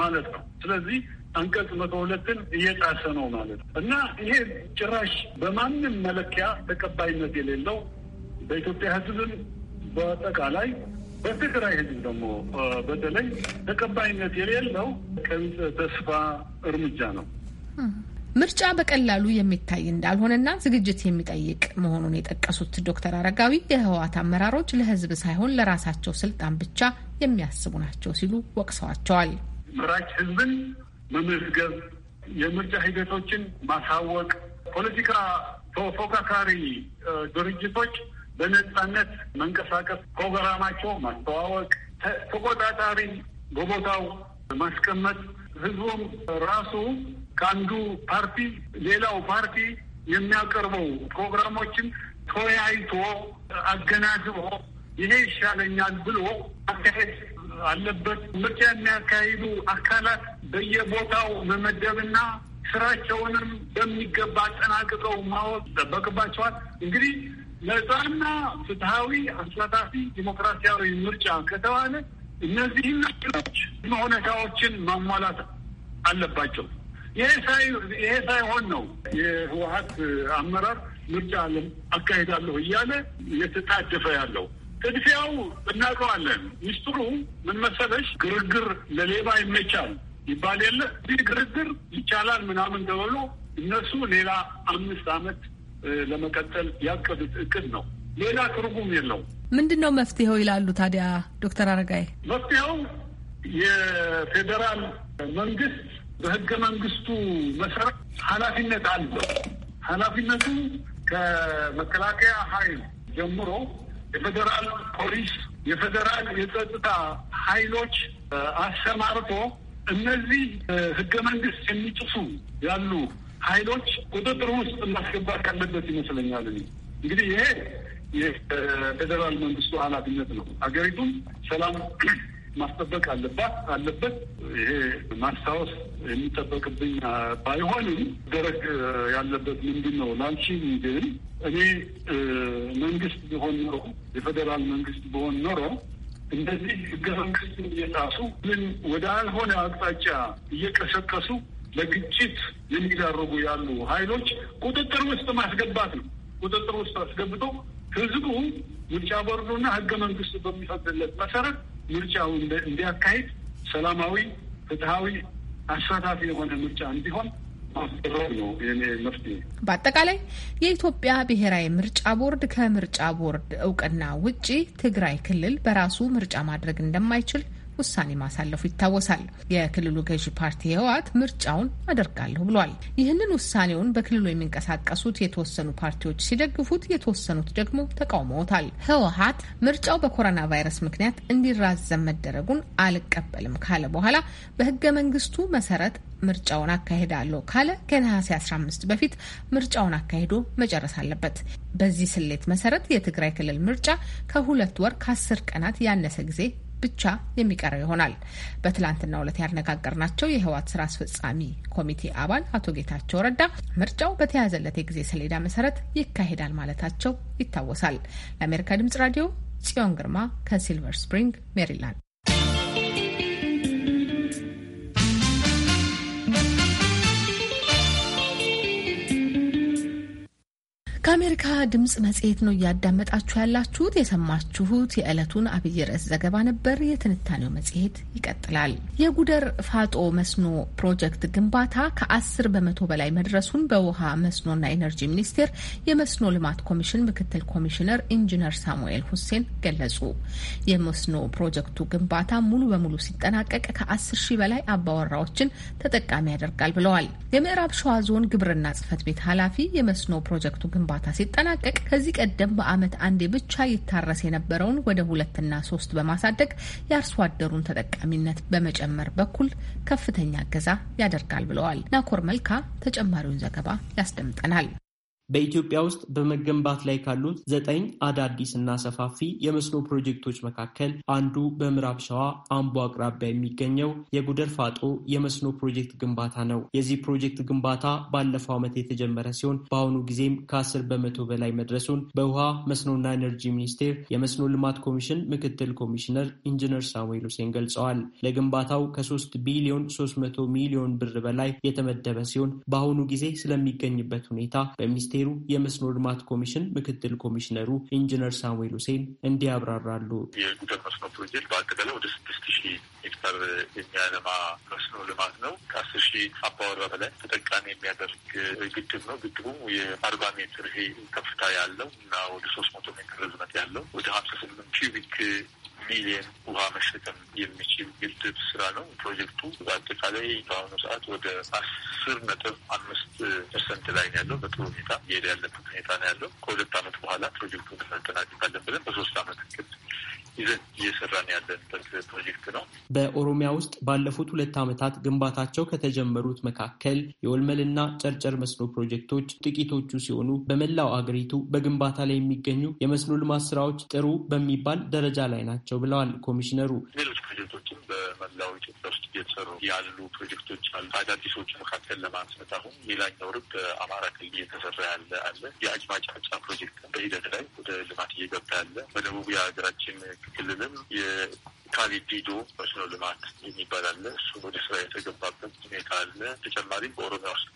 ማለት ነው። ስለዚህ አንቀጽ መቶ ሁለትን እየጣሰ ነው ማለት ነው እና ይሄ ጭራሽ በማንም መለኪያ ተቀባይነት የሌለው በኢትዮጵያ ህዝብም በአጠቃላይ በትግራይ ህዝብ ደግሞ በተለይ ተቀባይነት የሌለው ቀን ተስፋ እርምጃ ነው። ምርጫ በቀላሉ የሚታይ እንዳልሆነና ዝግጅት የሚጠይቅ መሆኑን የጠቀሱት ዶክተር አረጋዊ የህወሓት አመራሮች ለህዝብ ሳይሆን ለራሳቸው ስልጣን ብቻ የሚያስቡ ናቸው ሲሉ ወቅሰዋቸዋል። መራጭ ህዝብን መመዝገብ፣ የምርጫ ሂደቶችን ማሳወቅ፣ ፖለቲካ ተፎካካሪ ድርጅቶች በነጻነት መንቀሳቀስ፣ ፕሮግራማቸው ማስተዋወቅ፣ ተቆጣጣሪ በቦታው ማስቀመጥ ህዝቡም ራሱ ከአንዱ ፓርቲ ሌላው ፓርቲ የሚያቀርበው ፕሮግራሞችን ተወያይቶ አገናዝቦ ይሄ ይሻለኛል ብሎ አካሄድ አለበት። ምርጫ የሚያካሂዱ አካላት በየቦታው መመደብና ስራቸውንም በሚገባ አጠናቅቀው ማወቅ ይጠበቅባቸዋል። እንግዲህ ነጻና ፍትሐዊ አሳታፊ ዲሞክራሲያዊ ምርጫ ከተባለ እነዚህን ነገሮች ሁኔታዎችን ማሟላት አለባቸው። ይሄ ሳይሆን ነው የህወሀት አመራር ምርጫ አካሄዳለሁ እያለ እየተጣደፈ ያለው። ጥድፊያው እናውቀዋለን። ሚስጥሩ ምን መሰለሽ? ግርግር ለሌባ ይመቻል ይባል የለ እዚህ ግርግር ይቻላል ምናምን ተብሎ እነሱ ሌላ አምስት አመት ለመቀጠል ያቀዱት እቅድ ነው። ሌላ ትርጉም የለው። ምንድን ነው መፍትሄው ይላሉ ታዲያ ዶክተር አረጋይ? መፍትሄው የፌዴራል መንግስት በህገ መንግስቱ መሰረት ኃላፊነት አለው። ኃላፊነቱ ከመከላከያ ኃይል ጀምሮ የፌዴራል ፖሊስ፣ የፌዴራል የጸጥታ ኃይሎች አሰማርቶ እነዚህ ህገ መንግስት የሚጥሱ ያሉ ኃይሎች ቁጥጥር ውስጥ ማስገባት ካለበት ይመስለኛል። እንግዲህ ይሄ የፌዴራል መንግስቱ ኃላፊነት ነው። ሀገሪቱም ሰላም [CLEARS THROAT] ማስጠበቅ አለባት አለበት። ይሄ ማስታወስ የሚጠበቅብኝ ባይሆንም ደረግ ያለበት ምንድን ነው ላንቺ ግን እኔ መንግስት ቢሆን ኖሮ የፌዴራል መንግስት ቢሆን ኖሮ እንደዚህ ህገ መንግስትን እየጣሱ ምን ወደ አልሆነ አቅጣጫ እየቀሰቀሱ ለግጭት የሚዳርጉ ያሉ ሀይሎች ቁጥጥር ውስጥ ማስገባት ነው። ቁጥጥር ውስጥ አስገብቶ ህዝቡ ምርጫ ቦርዱና ህገ መንግስቱ በሚፈቅድለት መሰረት ምርጫው እንዲያካሂድ ሰላማዊ፣ ፍትሃዊ አሳታፊ የሆነ ምርጫ እንዲሆን በአጠቃላይ የኢትዮጵያ ብሔራዊ ምርጫ ቦርድ ከምርጫ ቦርድ እውቅና ውጪ ትግራይ ክልል በራሱ ምርጫ ማድረግ እንደማይችል ውሳኔ ማሳለፉ ይታወሳል። የክልሉ ገዢ ፓርቲ ህወሓት ምርጫውን አደርጋለሁ ብሏል። ይህንን ውሳኔውን በክልሉ የሚንቀሳቀሱት የተወሰኑ ፓርቲዎች ሲደግፉት፣ የተወሰኑት ደግሞ ተቃውመውታል። ህወሓት ምርጫው በኮሮና ቫይረስ ምክንያት እንዲራዘም መደረጉን አልቀበልም ካለ በኋላ በህገ መንግስቱ መሰረት ምርጫውን አካሄዳለሁ ካለ ከነሐሴ 15 በፊት ምርጫውን አካሂዶ መጨረስ አለበት። በዚህ ስሌት መሰረት የትግራይ ክልል ምርጫ ከሁለት ወር ከአስር ቀናት ያነሰ ጊዜ ብቻ የሚቀረው ይሆናል። በትላንትና ዕለት ያነጋገርናቸው የህወሓት ስራ አስፈጻሚ ኮሚቴ አባል አቶ ጌታቸው ረዳ ምርጫው በተያዘለት የጊዜ ሰሌዳ መሰረት ይካሄዳል ማለታቸው ይታወሳል። ለአሜሪካ ድምጽ ራዲዮ ጽዮን ግርማ ከሲልቨር ስፕሪንግ ሜሪላንድ ከአሜሪካ ድምፅ መጽሔት ነው እያዳመጣችሁ ያላችሁት። የሰማችሁት የዕለቱን አብይ ርዕስ ዘገባ ነበር። የትንታኔው መጽሔት ይቀጥላል። የጉደር ፋጦ መስኖ ፕሮጀክት ግንባታ ከአስር በመቶ በላይ መድረሱን በውሃ መስኖና ኤነርጂ ሚኒስቴር የመስኖ ልማት ኮሚሽን ምክትል ኮሚሽነር ኢንጂነር ሳሙኤል ሁሴን ገለጹ። የመስኖ ፕሮጀክቱ ግንባታ ሙሉ በሙሉ ሲጠናቀቅ ከአስር ሺህ በላይ አባወራዎችን ተጠቃሚ ያደርጋል ብለዋል። የምዕራብ ሸዋ ዞን ግብርና ጽህፈት ቤት ኃላፊ የመስኖ ፕሮጀክቱ ግንባታ ግንባታ ሲጠናቀቅ ከዚህ ቀደም በአመት አንዴ ብቻ ይታረስ የነበረውን ወደ ሁለትና ሶስት በማሳደግ የአርሶ አደሩን ተጠቃሚነት በመጨመር በኩል ከፍተኛ እገዛ ያደርጋል ብለዋል። ናኮር መልካ ተጨማሪውን ዘገባ ያስደምጠናል። በኢትዮጵያ ውስጥ በመገንባት ላይ ካሉት ዘጠኝ አዳዲስ እና ሰፋፊ የመስኖ ፕሮጀክቶች መካከል አንዱ በምዕራብ ሸዋ አምቦ አቅራቢያ የሚገኘው የጉደር ፋጦ የመስኖ ፕሮጀክት ግንባታ ነው። የዚህ ፕሮጀክት ግንባታ ባለፈው ዓመት የተጀመረ ሲሆን በአሁኑ ጊዜም ከአስር በመቶ በላይ መድረሱን በውሃ መስኖና ኤነርጂ ሚኒስቴር የመስኖ ልማት ኮሚሽን ምክትል ኮሚሽነር ኢንጂነር ሳሙኤል ሁሴን ገልጸዋል። ለግንባታው ከሶስት ቢሊዮን ሶስት መቶ ሚሊዮን ብር በላይ የተመደበ ሲሆን በአሁኑ ጊዜ ስለሚገኝበት ሁኔታ በሚስ ሚኒስቴሩ የመስኖ ልማት ኮሚሽን ምክትል ኮሚሽነሩ ኢንጂነር ሳሙኤል ሁሴን እንዲያብራራሉ። የጉደር መስኖ ፕሮጀክት በአጠቃላይ ወደ ስድስት ሺህ ሄክታር የሚያለማ መስኖ ልማት ነው። ከአስር ሺ አባወራ በላይ ተጠቃሚ የሚያደርግ ግድብ ነው። ግድቡ የአርባ ሜትር ከፍታ ያለው እና ወደ ሶስት መቶ ሜትር ርዝመት ያለው ወደ ሀምሳ ስምንት ኪዩቢክ ሚሊየን ውሃ መሸከም የሚችል ግድብ ስራ ነው። ፕሮጀክቱ በአጠቃላይ በአሁኑ ሰዓት ወደ አስር ነጥብ አምስት ፐርሰንት ላይ ነው ያለው። በጥሩ ሁኔታ እየሄደ ያለበት ሁኔታ ነው ያለው። ከሁለት አመት በኋላ ፕሮጀክቱን እናጠናቅቃለን ብለን በሶስት አመት እቅድ ይዘን እየሰራን ያለንበት ፕሮጀክት ነው። በኦሮሚያ ውስጥ ባለፉት ሁለት ዓመታት ግንባታቸው ከተጀመሩት መካከል የወልመልና ጨርጨር መስኖ ፕሮጀክቶች ጥቂቶቹ ሲሆኑ በመላው አገሪቱ በግንባታ ላይ የሚገኙ የመስኖ ልማት ስራዎች ጥሩ በሚባል ደረጃ ላይ ናቸው ብለዋል ኮሚሽነሩ። ሌሎች ፕሮጀክቶችም በመላው ኢትዮጵያ ውስጥ እየተሰሩ ያሉ ፕሮጀክቶች አሉ። አዳዲሶቹ መካከል ለማንሳት አሁን ሌላኛው ርብ በአማራ ክልል እየተሰራ ያለ አለ። የአጅማጫጫ ፕሮጀክት በሂደት ላይ ወደ ልማት እየገባ ያለ በደቡብ የሀገራችን ክልልም የካሊዲዶ መስኖ ልማት የሚባል አለ። እሱ ወደ ስራ የተገባበት ሁኔታ አለ። ተጨማሪም በኦሮሚያ ውስጥ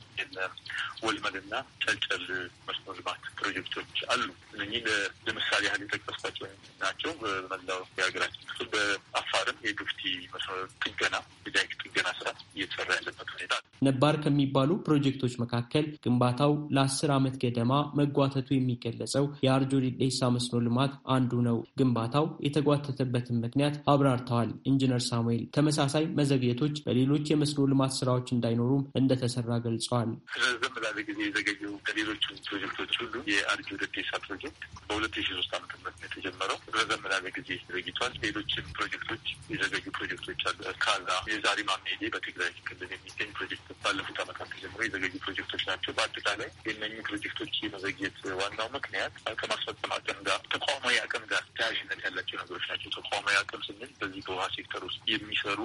ወልመልና ጨልጨል መስኖ ልማት ፕሮጀክቶች አሉ። እነዚህ ለምሳሌ ያህል የጠቀስኳቸው ናቸው። በመላው የሀገራችን ክፍል በአፋርም የዱፍቲ መስኖ ጥገና የዳይክ ጥገና ስራ እየተሰራ ያለበት ሁኔታ አለ። ነባር ከሚባሉ ፕሮጀክቶች መካከል ግንባታው ለአስር ዓመት ገደማ መጓተቱ የሚገለጸው የአርጆ ዲዴሳ መስኖ ልማት አንዱ ነው። ግንባታው የተ የተጓተተበትን ምክንያት አብራርተዋል። ኢንጂነር ሳሙኤል ተመሳሳይ መዘግየቶች በሌሎች የመስኖ ልማት ስራዎች እንዳይኖሩም እንደተሰራ ገልጸዋል። ረዘም ላለ ጊዜ የዘገየው ከሌሎቹ ፕሮጀክቶች ሁሉ ደዴሳ ፕሮጀክት በሁለት ሺ ሶስት የተጀመረው ረዘም ላለ ጊዜ ሌሎችም ፕሮጀክቶች የዘገዩ ፕሮጀክቶች አሉ። ካዛ የዛሪ ማሜዴ በትግራይ ክልል የሚገኝ ፕሮጀክት ባለፉት ተጀምሮ የዘገዩ ፕሮጀክቶች ናቸው። በአጠቃላይ ፕሮጀክቶች የመዘግየት ዋናው ምክንያት ከማስፈጸም አቅም ጋር ተቋማዊ አቅም ጋር ተያያዥነት ያላቸው ነገሮች ናቸው። ተቋማዊ አቅም ስንል በዚህ በውሃ ሴክተር ውስጥ የሚሰሩ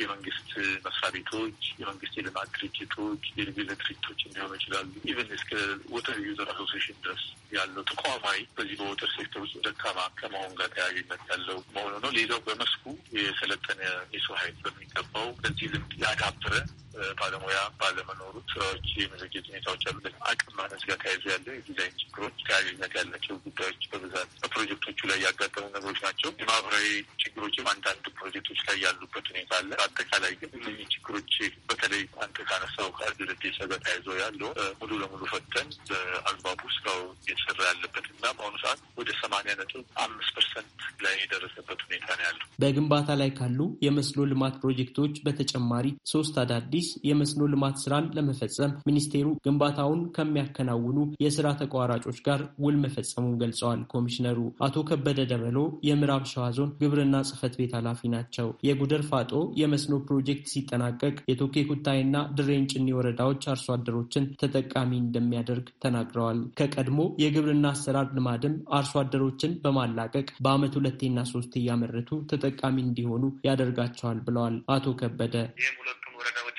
የመንግስት መስሪያ ቤቶች፣ የመንግስት የልማት ድርጅቶች፣ የግል ድርጅቶች እንዲሆኑ ይችላሉ። ኢቨን እስከ ወተር ዩዘር አሶሲሽን ድረስ ያለው ተቋማዊ በዚህ በወተር ሴክተር ውስጥ ደካማ ከመሆን ጋር ተያያዥነት ያለው መሆኑ ነው። ሌላው በመስኩ የሰለጠነ የሰው ኃይል በሚገባው በዚህ ልምድ ያዳበረ ባለሙያ ባለመኖሩ ስራዎች የመዘግየት ሁኔታዎች አሉ። አቅም ማነስ ጋር ተያይዞ ያለ የዲዛይን ችግሮች ተያያዥነት ያላቸው ጉዳዮች በብዛት በፕሮጀክቶቹ ላይ ያጋጠሙ ነገሮች ናቸው። የማህበራዊ ችግሮችም አንዳንድ ፕሮጀክቶች ላይ ያሉበት ሁኔታ አለ። አጠቃላይ ግን እነህ ችግሮች በተለይ አንተ ካነሳው ከድርዴሰ ጋር ተያይዞ ያለው ሙሉ ለሙሉ ፈተን በአግባቡ ስራው እየተሰራ ያለበት እና በአሁኑ ሰዓት ወደ ሰማንያ ነጥብ አምስት ፐርሰንት ላይ የደረሰበት ሁኔታ ነው ያለው። በግንባታ ላይ ካሉ የመስሎ ልማት ፕሮጀክቶች በተጨማሪ ሶስት አዳዲስ አዲስ የመስኖ ልማት ስራን ለመፈጸም ሚኒስቴሩ ግንባታውን ከሚያከናውኑ የስራ ተቋራጮች ጋር ውል መፈጸሙን ገልጸዋል። ኮሚሽነሩ አቶ ከበደ ደበሎ የምዕራብ ሸዋ ዞን ግብርና ጽህፈት ቤት ኃላፊ ናቸው። የጉደር ፋጦ የመስኖ ፕሮጀክት ሲጠናቀቅ የቶኬ ኩታይና ድሬን ጭኒ ወረዳዎች አርሶ አደሮችን ተጠቃሚ እንደሚያደርግ ተናግረዋል። ከቀድሞ የግብርና አሰራር ልማድም አርሶ አደሮችን በማላቀቅ በአመት ሁለቴና ሶስት እያመረቱ ተጠቃሚ እንዲሆኑ ያደርጋቸዋል ብለዋል አቶ ከበደ። ይህም ሁለቱም ወረዳዎች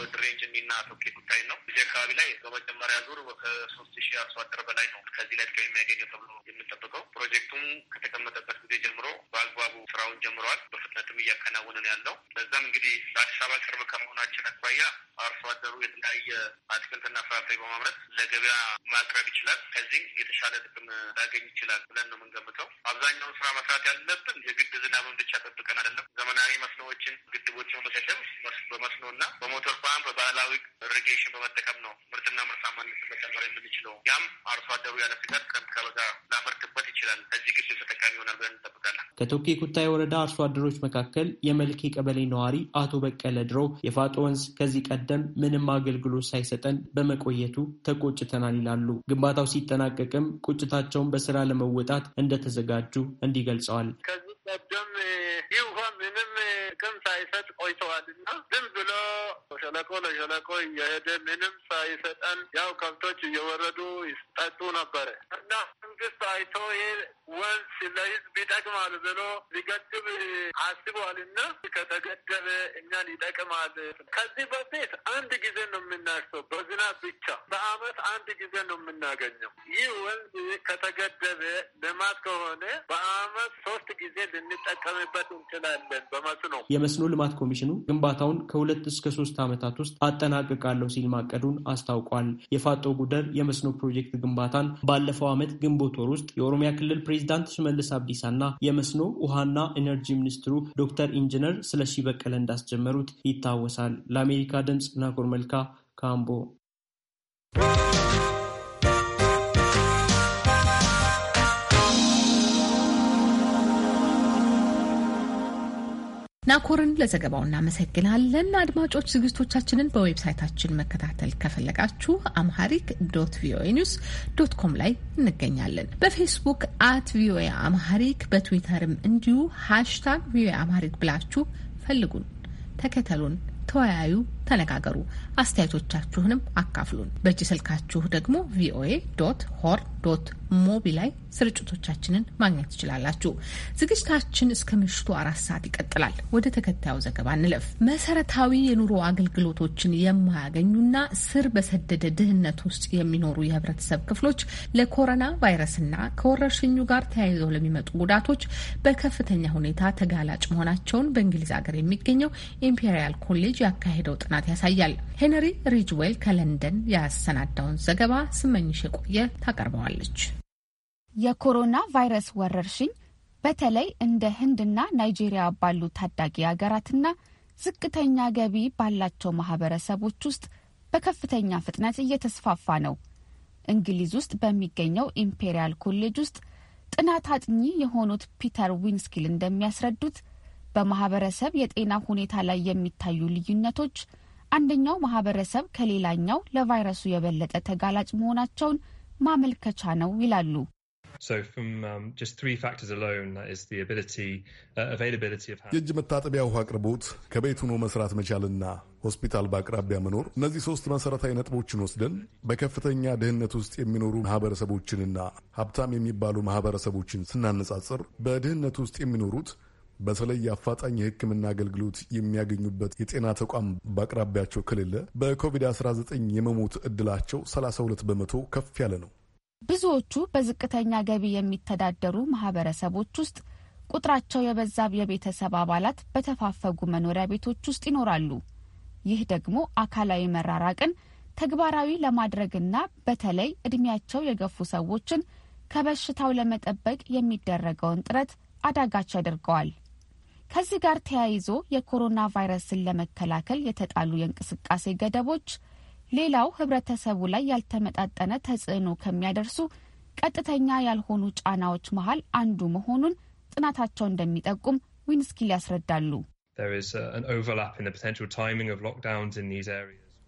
አቶ ድሬ ቶኬ ጉዳይ ነው። እዚህ አካባቢ ላይ በመጀመሪያ ዙር ከሶስት ሺህ አርሶ አደር በላይ ነው ከዚህ ላይ ጥቅም የሚያገኘው ተብሎ የምንጠብቀው። ፕሮጀክቱም ከተቀመጠበት ጊዜ ጀምሮ በአግባቡ ስራውን ጀምረዋል። በፍጥነትም እያከናወነ ነው ያለው። በዛም እንግዲህ ለአዲስ አበባ ቅርብ ከመሆናችን አኳያ አርሶ አደሩ የተለያየ አትክልትና ፍራፍሬ በማምረት ለገበያ ማቅረብ ይችላል። ከዚህም የተሻለ ጥቅም ሊያገኝ ይችላል ብለን ነው የምንገምተው። አብዛኛውን ስራ መስራት ያለብን የግድ ዝናብን ብቻ ጠብቀን አይደለም። ዘመናዊ መስኖዎችን ግድቦችን በመሰደም በመስኖና በሞተር በአሁን በባህላዊ ኢሪጌሽን በመጠቀም ነው ምርትና ምርታማነት መጨመር የምንችለው። ያም አርሶ አደሩ ያለ ስጋት ክረምት ከበጋ ላመርትበት ይችላል። ከዚህ ግብ ተጠቃሚ ይሆናል ብለን እንጠብቃለን። ከቶኬ ኩታይ ወረዳ አርሶ አደሮች መካከል የመልኬ ቀበሌ ነዋሪ አቶ በቀለ ድሮ የፋጦ ወንዝ ከዚህ ቀደም ምንም አገልግሎት ሳይሰጠን በመቆየቱ ተቆጭተናል ይላሉ። ግንባታው ሲጠናቀቅም ቁጭታቸውን በስራ ለመወጣት እንደተዘጋጁ እንዲህ ገልጸዋል። ከዚህ ቀደም ይህ ውሃ ምንም ጥቅም ሳይሰጥ ቆይተዋልና ዝም ብሎ ሸለቆ ለሸለቆ እየሄደ ምንም ሳይሰጠን ያው ከብቶች እየወረዱ ይጠጡ ነበረ እና መንግስት አይቶ ይሄ ወንዝ ለህዝብ ይጠቅማል ብሎ ሊገድብ አስቧል እና ከተገደበ እኛን ይጠቅማል። ከዚህ በፊት አንድ ጊዜ ነው የምናርሰው በዝናብ ብቻ በአመት አንድ ጊዜ ነው የምናገኘው። ይህ ወንዝ ከተገደበ ልማት ከሆነ በአመት ሶስት ጊዜ ልንጠቀምበት እንችላለን በመስኖ የመስኖ ልማት ኮሚሽኑ ግንባታውን ከሁለት እስከ ሶስት በሶስት ዓመታት ውስጥ አጠናቅቃለሁ ሲል ማቀዱን አስታውቋል። የፋጦ ጉደር የመስኖ ፕሮጀክት ግንባታን ባለፈው ዓመት ግንቦት ወር ውስጥ የኦሮሚያ ክልል ፕሬዚዳንት ሽመልስ አብዲሳና የመስኖ ውሃና ኢነርጂ ሚኒስትሩ ዶክተር ኢንጂነር ስለሺ በቀለ እንዳስጀመሩት ይታወሳል። ለአሜሪካ ድምፅ ናኮር መልካ ካምቦ ናኮርን ለዘገባው እናመሰግናለን። አድማጮች ዝግጅቶቻችንን በዌብሳይታችን መከታተል ከፈለጋችሁ አምሃሪክ ዶት ቪኦኤ ኒውስ ዶት ኮም ላይ እንገኛለን። በፌስቡክ አት ቪኦኤ አምሃሪክ፣ በትዊተርም እንዲሁ ሃሽታግ ቪኦኤ አምሃሪክ ብላችሁ ፈልጉን፣ ተከተሉን፣ ተወያዩ ተነጋገሩ። አስተያየቶቻችሁንም አካፍሉን። በእጅ ስልካችሁ ደግሞ ቪኦኤ ዶት ሆር ዶት ሞቢ ላይ ስርጭቶቻችንን ማግኘት ትችላላችሁ። ዝግጅታችን እስከ ምሽቱ አራት ሰዓት ይቀጥላል። ወደ ተከታዩ ዘገባ እንለፍ። መሰረታዊ የኑሮ አገልግሎቶችን የማያገኙና ስር በሰደደ ድህነት ውስጥ የሚኖሩ የህብረተሰብ ክፍሎች ለኮሮና ቫይረስና ከወረርሽኙ ጋር ተያይዘው ለሚመጡ ጉዳቶች በከፍተኛ ሁኔታ ተጋላጭ መሆናቸውን በእንግሊዝ ሀገር የሚገኘው ኢምፔሪያል ኮሌጅ ያካሄደው ጥናት ያሳያል። ሄንሪ ሪጅዌል ከለንደን ያሰናዳውን ዘገባ ስመኝሽ የቆየ ታቀርበዋለች። የኮሮና ቫይረስ ወረርሽኝ በተለይ እንደ ህንድና ናይጄሪያ ባሉ ታዳጊ ሀገራትና ዝቅተኛ ገቢ ባላቸው ማህበረሰቦች ውስጥ በከፍተኛ ፍጥነት እየተስፋፋ ነው። እንግሊዝ ውስጥ በሚገኘው ኢምፔሪያል ኮሌጅ ውስጥ ጥናት አጥኚ የሆኑት ፒተር ዊንስኪል እንደሚያስረዱት በማህበረሰብ የጤና ሁኔታ ላይ የሚታዩ ልዩነቶች አንደኛው ማህበረሰብ ከሌላኛው ለቫይረሱ የበለጠ ተጋላጭ መሆናቸውን ማመልከቻ ነው ይላሉ። um, uh, የእጅ መታጠቢያ ውሃ አቅርቦት፣ ከቤት ሆኖ መስራት መቻልና ሆስፒታል በአቅራቢያ መኖር፣ እነዚህ ሶስት መሰረታዊ ነጥቦችን ወስደን በከፍተኛ ድህነት ውስጥ የሚኖሩ ማህበረሰቦችንና ሀብታም የሚባሉ ማህበረሰቦችን ስናነጻጽር በድህነት ውስጥ የሚኖሩት በተለይ አፋጣኝ የሕክምና አገልግሎት የሚያገኙበት የጤና ተቋም በአቅራቢያቸው ከሌለ በኮቪድ-19 የመሞት እድላቸው 32 በመቶ ከፍ ያለ ነው። ብዙዎቹ በዝቅተኛ ገቢ የሚተዳደሩ ማህበረሰቦች ውስጥ ቁጥራቸው የበዛ የቤተሰብ አባላት በተፋፈጉ መኖሪያ ቤቶች ውስጥ ይኖራሉ። ይህ ደግሞ አካላዊ መራራቅን ተግባራዊ ለማድረግና በተለይ እድሜያቸው የገፉ ሰዎችን ከበሽታው ለመጠበቅ የሚደረገውን ጥረት አዳጋች ያደርገዋል። ከዚህ ጋር ተያይዞ የኮሮና ቫይረስን ለመከላከል የተጣሉ የእንቅስቃሴ ገደቦች ሌላው ህብረተሰቡ ላይ ያልተመጣጠነ ተጽዕኖ ከሚያደርሱ ቀጥተኛ ያልሆኑ ጫናዎች መሀል አንዱ መሆኑን ጥናታቸው እንደሚጠቁም ዊንስኪል ያስረዳሉ።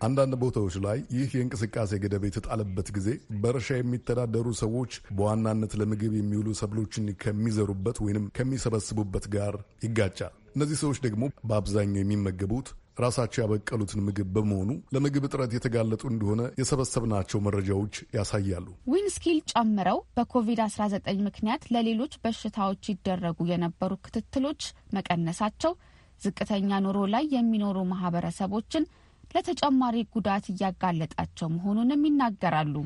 አንዳንድ ቦታዎች ላይ ይህ የእንቅስቃሴ ገደብ የተጣለበት ጊዜ በእርሻ የሚተዳደሩ ሰዎች በዋናነት ለምግብ የሚውሉ ሰብሎችን ከሚዘሩበት ወይንም ከሚሰበስቡበት ጋር ይጋጫል። እነዚህ ሰዎች ደግሞ በአብዛኛው የሚመገቡት ራሳቸው ያበቀሉትን ምግብ በመሆኑ ለምግብ እጥረት የተጋለጡ እንደሆነ የሰበሰብናቸው መረጃዎች ያሳያሉ። ዊንስኪል ጨምረው በኮቪድ-19 ምክንያት ለሌሎች በሽታዎች ይደረጉ የነበሩ ክትትሎች መቀነሳቸው ዝቅተኛ ኑሮ ላይ የሚኖሩ ማህበረሰቦችን ለተጨማሪ ጉዳት እያጋለጣቸው መሆኑንም ይናገራሉ።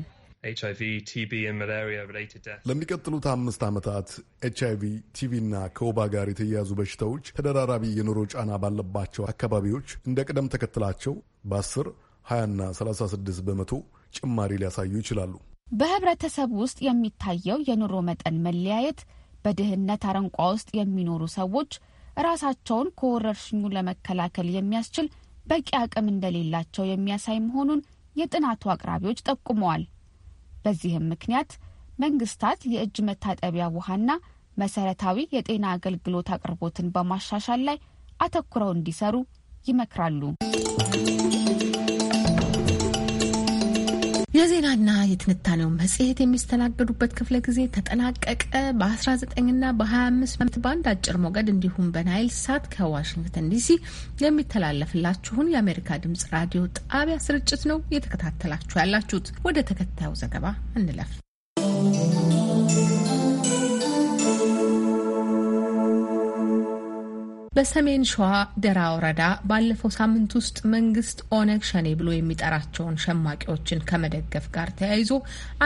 ለሚቀጥሉት አምስት ዓመታት ኤች አይቪ ቲቪና ከወባ ጋር የተያያዙ በሽታዎች ተደራራቢ የኑሮ ጫና ባለባቸው አካባቢዎች እንደ ቅደም ተከትላቸው በ10፣ 20ና 36 በመቶ ጭማሪ ሊያሳዩ ይችላሉ። በህብረተሰብ ውስጥ የሚታየው የኑሮ መጠን መለያየት በድህነት አረንቋ ውስጥ የሚኖሩ ሰዎች ራሳቸውን ከወረርሽኙ ለመከላከል የሚያስችል በቂ አቅም እንደሌላቸው የሚያሳይ መሆኑን የጥናቱ አቅራቢዎች ጠቁመዋል። በዚህም ምክንያት መንግስታት የእጅ መታጠቢያ ውሃና መሰረታዊ የጤና አገልግሎት አቅርቦትን በማሻሻል ላይ አተኩረው እንዲሰሩ ይመክራሉ። የዜናና የትንታኔው መጽሔት የሚስተናገዱበት ክፍለ ጊዜ ተጠናቀቀ። በ19ና በ25 ሜትር ባንድ አጭር ሞገድ እንዲሁም በናይል ሳት ከዋሽንግተን ዲሲ የሚተላለፍላችሁን የአሜሪካ ድምጽ ራዲዮ ጣቢያ ስርጭት ነው እየተከታተላችሁ ያላችሁት። ወደ ተከታዩ ዘገባ እንለፍ። በሰሜን ሸዋ ደራ ወረዳ ባለፈው ሳምንት ውስጥ መንግስት ኦነግ ሸኔ ብሎ የሚጠራቸውን ሸማቂዎችን ከመደገፍ ጋር ተያይዞ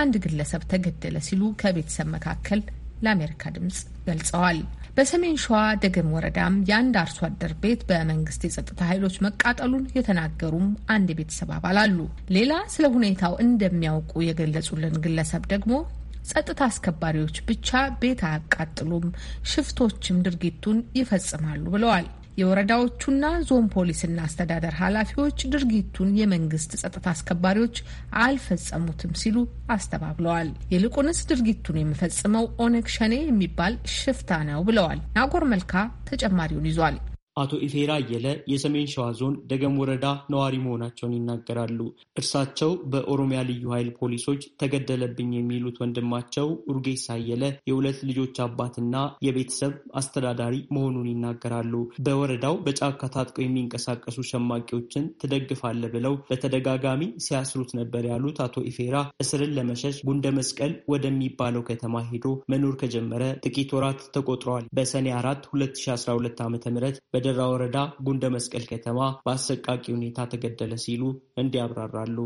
አንድ ግለሰብ ተገደለ ሲሉ ከቤተሰብ መካከል ለአሜሪካ ድምጽ ገልጸዋል። በሰሜን ሸዋ ደግም ወረዳም የአንድ አርሶ አደር ቤት በመንግስት የጸጥታ ኃይሎች መቃጠሉን የተናገሩም አንድ የቤተሰብ አባል አሉ። ሌላ ስለ ሁኔታው እንደሚያውቁ የገለጹልን ግለሰብ ደግሞ ጸጥታ አስከባሪዎች ብቻ ቤት አያቃጥሉም፣ ሽፍቶችም ድርጊቱን ይፈጽማሉ ብለዋል። የወረዳዎቹና ዞን ፖሊስና አስተዳደር ኃላፊዎች ድርጊቱን የመንግስት ጸጥታ አስከባሪዎች አልፈጸሙትም ሲሉ አስተባብለዋል። ይልቁንስ ድርጊቱን የሚፈጽመው ኦነግ ሸኔ የሚባል ሽፍታ ነው ብለዋል። ናጎር መልካ ተጨማሪውን ይዟል። አቶ ኢፌራ አየለ የሰሜን ሸዋ ዞን ደገም ወረዳ ነዋሪ መሆናቸውን ይናገራሉ። እርሳቸው በኦሮሚያ ልዩ ኃይል ፖሊሶች ተገደለብኝ የሚሉት ወንድማቸው ኡርጌሳ አየለ የሁለት ልጆች አባትና የቤተሰብ አስተዳዳሪ መሆኑን ይናገራሉ። በወረዳው በጫካ ታጥቀው የሚንቀሳቀሱ ሸማቂዎችን ትደግፋለ ብለው በተደጋጋሚ ሲያስሩት ነበር ያሉት አቶ ኢፌራ እስርን ለመሸሽ ጉንደ መስቀል ወደሚባለው ከተማ ሄዶ መኖር ከጀመረ ጥቂት ወራት ተቆጥረዋል። በሰኔ አራት 2012 ዓ ም በደራ ወረዳ ጉንደ መስቀል ከተማ በአሰቃቂ ሁኔታ ተገደለ ሲሉ እንዲያብራራሉ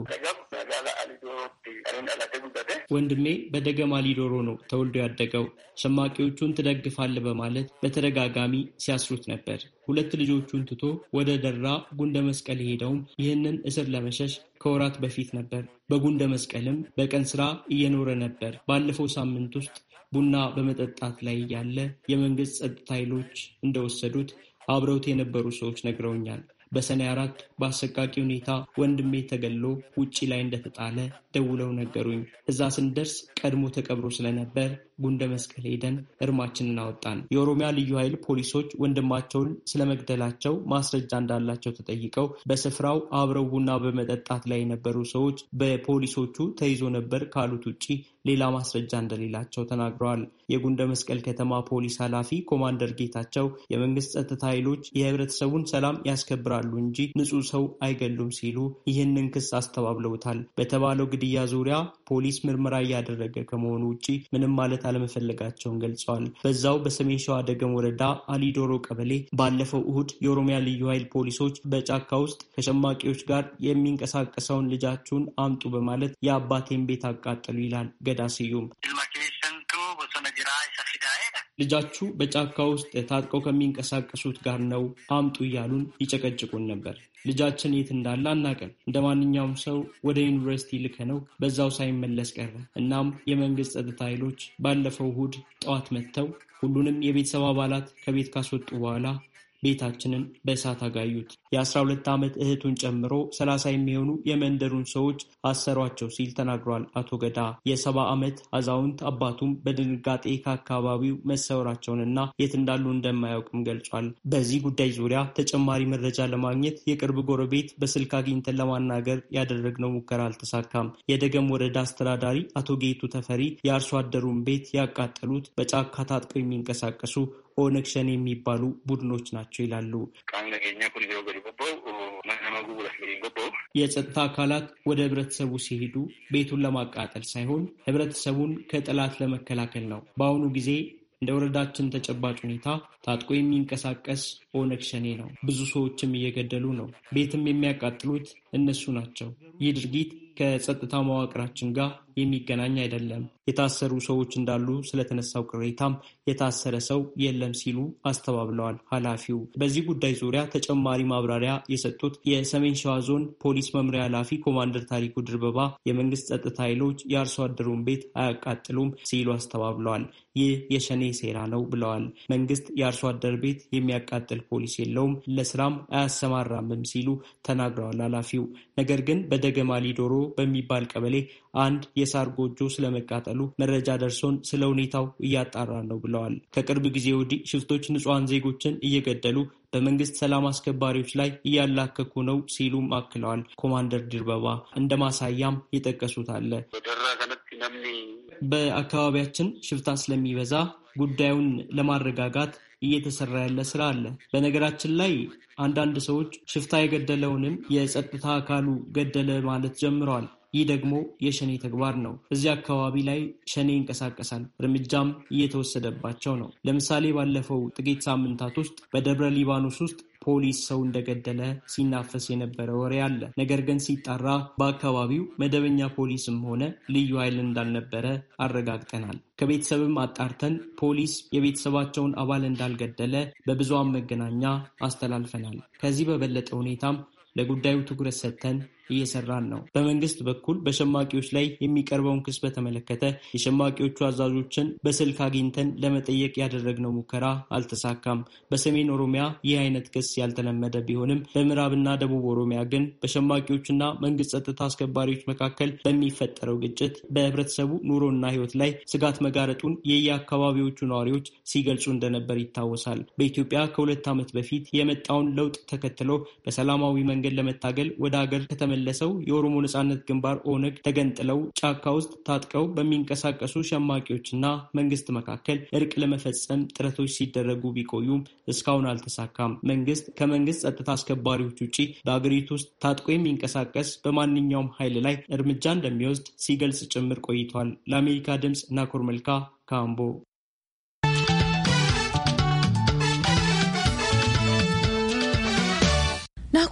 ወንድሜ በደገማ ሊዶሮ ነው ተወልዶ ያደገው። ሸማቂዎቹን ትደግፋል በማለት በተደጋጋሚ ሲያስሩት ነበር። ሁለት ልጆቹን ትቶ ወደ ደራ ጉንደ መስቀል የሄደውም ይህንን እስር ለመሸሽ ከወራት በፊት ነበር። በጉንደ መስቀልም በቀን ስራ እየኖረ ነበር። ባለፈው ሳምንት ውስጥ ቡና በመጠጣት ላይ ያለ የመንግስት ጸጥታ ኃይሎች እንደወሰዱት አብረውት የነበሩ ሰዎች ነግረውኛል። በሰኔ አራት በአሰቃቂ ሁኔታ ወንድሜ ተገሎ ውጪ ላይ እንደተጣለ ደውለው ነገሩኝ። እዛ ስንደርስ ቀድሞ ተቀብሮ ስለነበር ጉንደ መስቀል ሄደን እርማችንን አወጣን። የኦሮሚያ ልዩ ኃይል ፖሊሶች ወንድማቸውን ስለመግደላቸው ማስረጃ እንዳላቸው ተጠይቀው በስፍራው አብረው ቡና በመጠጣት ላይ የነበሩ ሰዎች በፖሊሶቹ ተይዞ ነበር ካሉት ውጭ ሌላ ማስረጃ እንደሌላቸው ተናግረዋል። የጉንደ መስቀል ከተማ ፖሊስ ኃላፊ ኮማንደር ጌታቸው የመንግስት ጸጥታ ኃይሎች የህብረተሰቡን ሰላም ያስከብራሉ እንጂ ንጹህ ሰው አይገሉም ሲሉ ይህንን ክስ አስተባብለውታል። በተባለው ግድያ ዙሪያ ፖሊስ ምርመራ እያደረገ ከመሆኑ ውጭ ምንም ማለት አለመፈለጋቸውን ገልጸዋል። በዛው በሰሜን ሸዋ ደገም ወረዳ አሊዶሮ ቀበሌ ባለፈው እሁድ የኦሮሚያ ልዩ ኃይል ፖሊሶች በጫካ ውስጥ ከሸማቂዎች ጋር የሚንቀሳቀሰውን ልጃችሁን አምጡ በማለት የአባቴን ቤት አቃጠሉ ይላል ገዳ ስዩም። ልጃችሁ በጫካ ውስጥ ታጥቀው ከሚንቀሳቀሱት ጋር ነው አምጡ እያሉን ይጨቀጭቁን ነበር። ልጃችን የት እንዳለ አናቅም። እንደ ማንኛውም ሰው ወደ ዩኒቨርሲቲ ልከነው በዛው ሳይመለስ ቀረ። እናም የመንግስት ጸጥታ ኃይሎች ባለፈው እሁድ ጠዋት መጥተው ሁሉንም የቤተሰብ አባላት ከቤት ካስወጡ በኋላ ቤታችንን በእሳት አጋዩት። የ የ12 ዓመት እህቱን ጨምሮ ሰላሳ የሚሆኑ የመንደሩን ሰዎች አሰሯቸው ሲል ተናግሯል አቶ ገዳ። የሰባ ዓመት አዛውንት አባቱም በድንጋጤ ከአካባቢው መሰወራቸውንና የት እንዳሉ እንደማያውቅም ገልጿል። በዚህ ጉዳይ ዙሪያ ተጨማሪ መረጃ ለማግኘት የቅርብ ጎረቤት በስልክ አግኝተን ለማናገር ያደረግነው ሙከራ አልተሳካም። የደገም ወረዳ አስተዳዳሪ አቶ ጌቱ ተፈሪ የአርሶ አደሩን ቤት ያቃጠሉት በጫካ ታጥቀው የሚንቀሳቀሱ ኦነግ ሸኔ የሚባሉ ቡድኖች ናቸው ይላሉ። የጸጥታ አካላት ወደ ህብረተሰቡ ሲሄዱ ቤቱን ለማቃጠል ሳይሆን ህብረተሰቡን ከጠላት ለመከላከል ነው። በአሁኑ ጊዜ እንደ ወረዳችን ተጨባጭ ሁኔታ ታጥቆ የሚንቀሳቀስ ኦነግ ሸኔ ነው። ብዙ ሰዎችም እየገደሉ ነው። ቤትም የሚያቃጥሉት እነሱ ናቸው። ይህ ድርጊት ከጸጥታ መዋቅራችን ጋር የሚገናኝ አይደለም። የታሰሩ ሰዎች እንዳሉ ስለተነሳው ቅሬታም የታሰረ ሰው የለም ሲሉ አስተባብለዋል ኃላፊው። በዚህ ጉዳይ ዙሪያ ተጨማሪ ማብራሪያ የሰጡት የሰሜን ሸዋ ዞን ፖሊስ መምሪያ ኃላፊ ኮማንደር ታሪኩ ድርበባ የመንግስት ጸጥታ ኃይሎች የአርሶ አደሩን ቤት አያቃጥሉም ሲሉ አስተባብለዋል። ይህ የሸኔ ሴራ ነው ብለዋል። መንግስት የአርሶ አደር ቤት የሚያቃጥል ፖሊስ የለውም፣ ለስራም አያሰማራምም ሲሉ ተናግረዋል ኃላፊው አጥፊው። ነገር ግን በደገማሊ ዶሮ በሚባል ቀበሌ አንድ የሳር ጎጆ ስለመቃጠሉ መረጃ ደርሶን ስለ ሁኔታው እያጣራ ነው ብለዋል። ከቅርብ ጊዜ ወዲህ ሽፍቶች ንጹሐን ዜጎችን እየገደሉ በመንግስት ሰላም አስከባሪዎች ላይ እያላከኩ ነው ሲሉም አክለዋል። ኮማንደር ድርበባ እንደ ማሳያም የጠቀሱት አለ። በአካባቢያችን ሽፍታ ስለሚበዛ ጉዳዩን ለማረጋጋት እየተሰራ ያለ ስራ አለ። በነገራችን ላይ አንዳንድ ሰዎች ሽፍታ የገደለውንም የጸጥታ አካሉ ገደለ ማለት ጀምረዋል። ይህ ደግሞ የሸኔ ተግባር ነው። እዚህ አካባቢ ላይ ሸኔ ይንቀሳቀሳል። እርምጃም እየተወሰደባቸው ነው። ለምሳሌ ባለፈው ጥቂት ሳምንታት ውስጥ በደብረ ሊባኖስ ውስጥ ፖሊስ ሰው እንደገደለ ሲናፈስ የነበረ ወሬ አለ። ነገር ግን ሲጣራ በአካባቢው መደበኛ ፖሊስም ሆነ ልዩ ኃይል እንዳልነበረ አረጋግጠናል። ከቤተሰብም አጣርተን ፖሊስ የቤተሰባቸውን አባል እንዳልገደለ በብዙሃን መገናኛ አስተላልፈናል። ከዚህ በበለጠ ሁኔታም ለጉዳዩ ትኩረት ሰጥተን እየሰራን ነው። በመንግስት በኩል በሸማቂዎች ላይ የሚቀርበውን ክስ በተመለከተ የሸማቂዎቹ አዛዦችን በስልክ አግኝተን ለመጠየቅ ያደረግነው ሙከራ አልተሳካም። በሰሜን ኦሮሚያ ይህ አይነት ክስ ያልተለመደ ቢሆንም በምዕራብና ደቡብ ኦሮሚያ ግን በሸማቂዎችና መንግስት ጸጥታ አስከባሪዎች መካከል በሚፈጠረው ግጭት በህብረተሰቡ ኑሮና ህይወት ላይ ስጋት መጋረጡን የየአካባቢዎቹ ነዋሪዎች ሲገልጹ እንደነበር ይታወሳል። በኢትዮጵያ ከሁለት ዓመት በፊት የመጣውን ለውጥ ተከትሎ በሰላማዊ መንገድ ለመታገል ወደ ሀገር ከተመ የተመለሰው የኦሮሞ ነጻነት ግንባር ኦነግ ተገንጥለው ጫካ ውስጥ ታጥቀው በሚንቀሳቀሱ ሸማቂዎችና መንግስት መካከል እርቅ ለመፈጸም ጥረቶች ሲደረጉ ቢቆዩም እስካሁን አልተሳካም። መንግስት ከመንግስት ጸጥታ አስከባሪዎች ውጭ በአገሪቱ ውስጥ ታጥቆ የሚንቀሳቀስ በማንኛውም ኃይል ላይ እርምጃ እንደሚወስድ ሲገልጽ ጭምር ቆይቷል። ለአሜሪካ ድምፅ ናኮር መልካ ካምቦ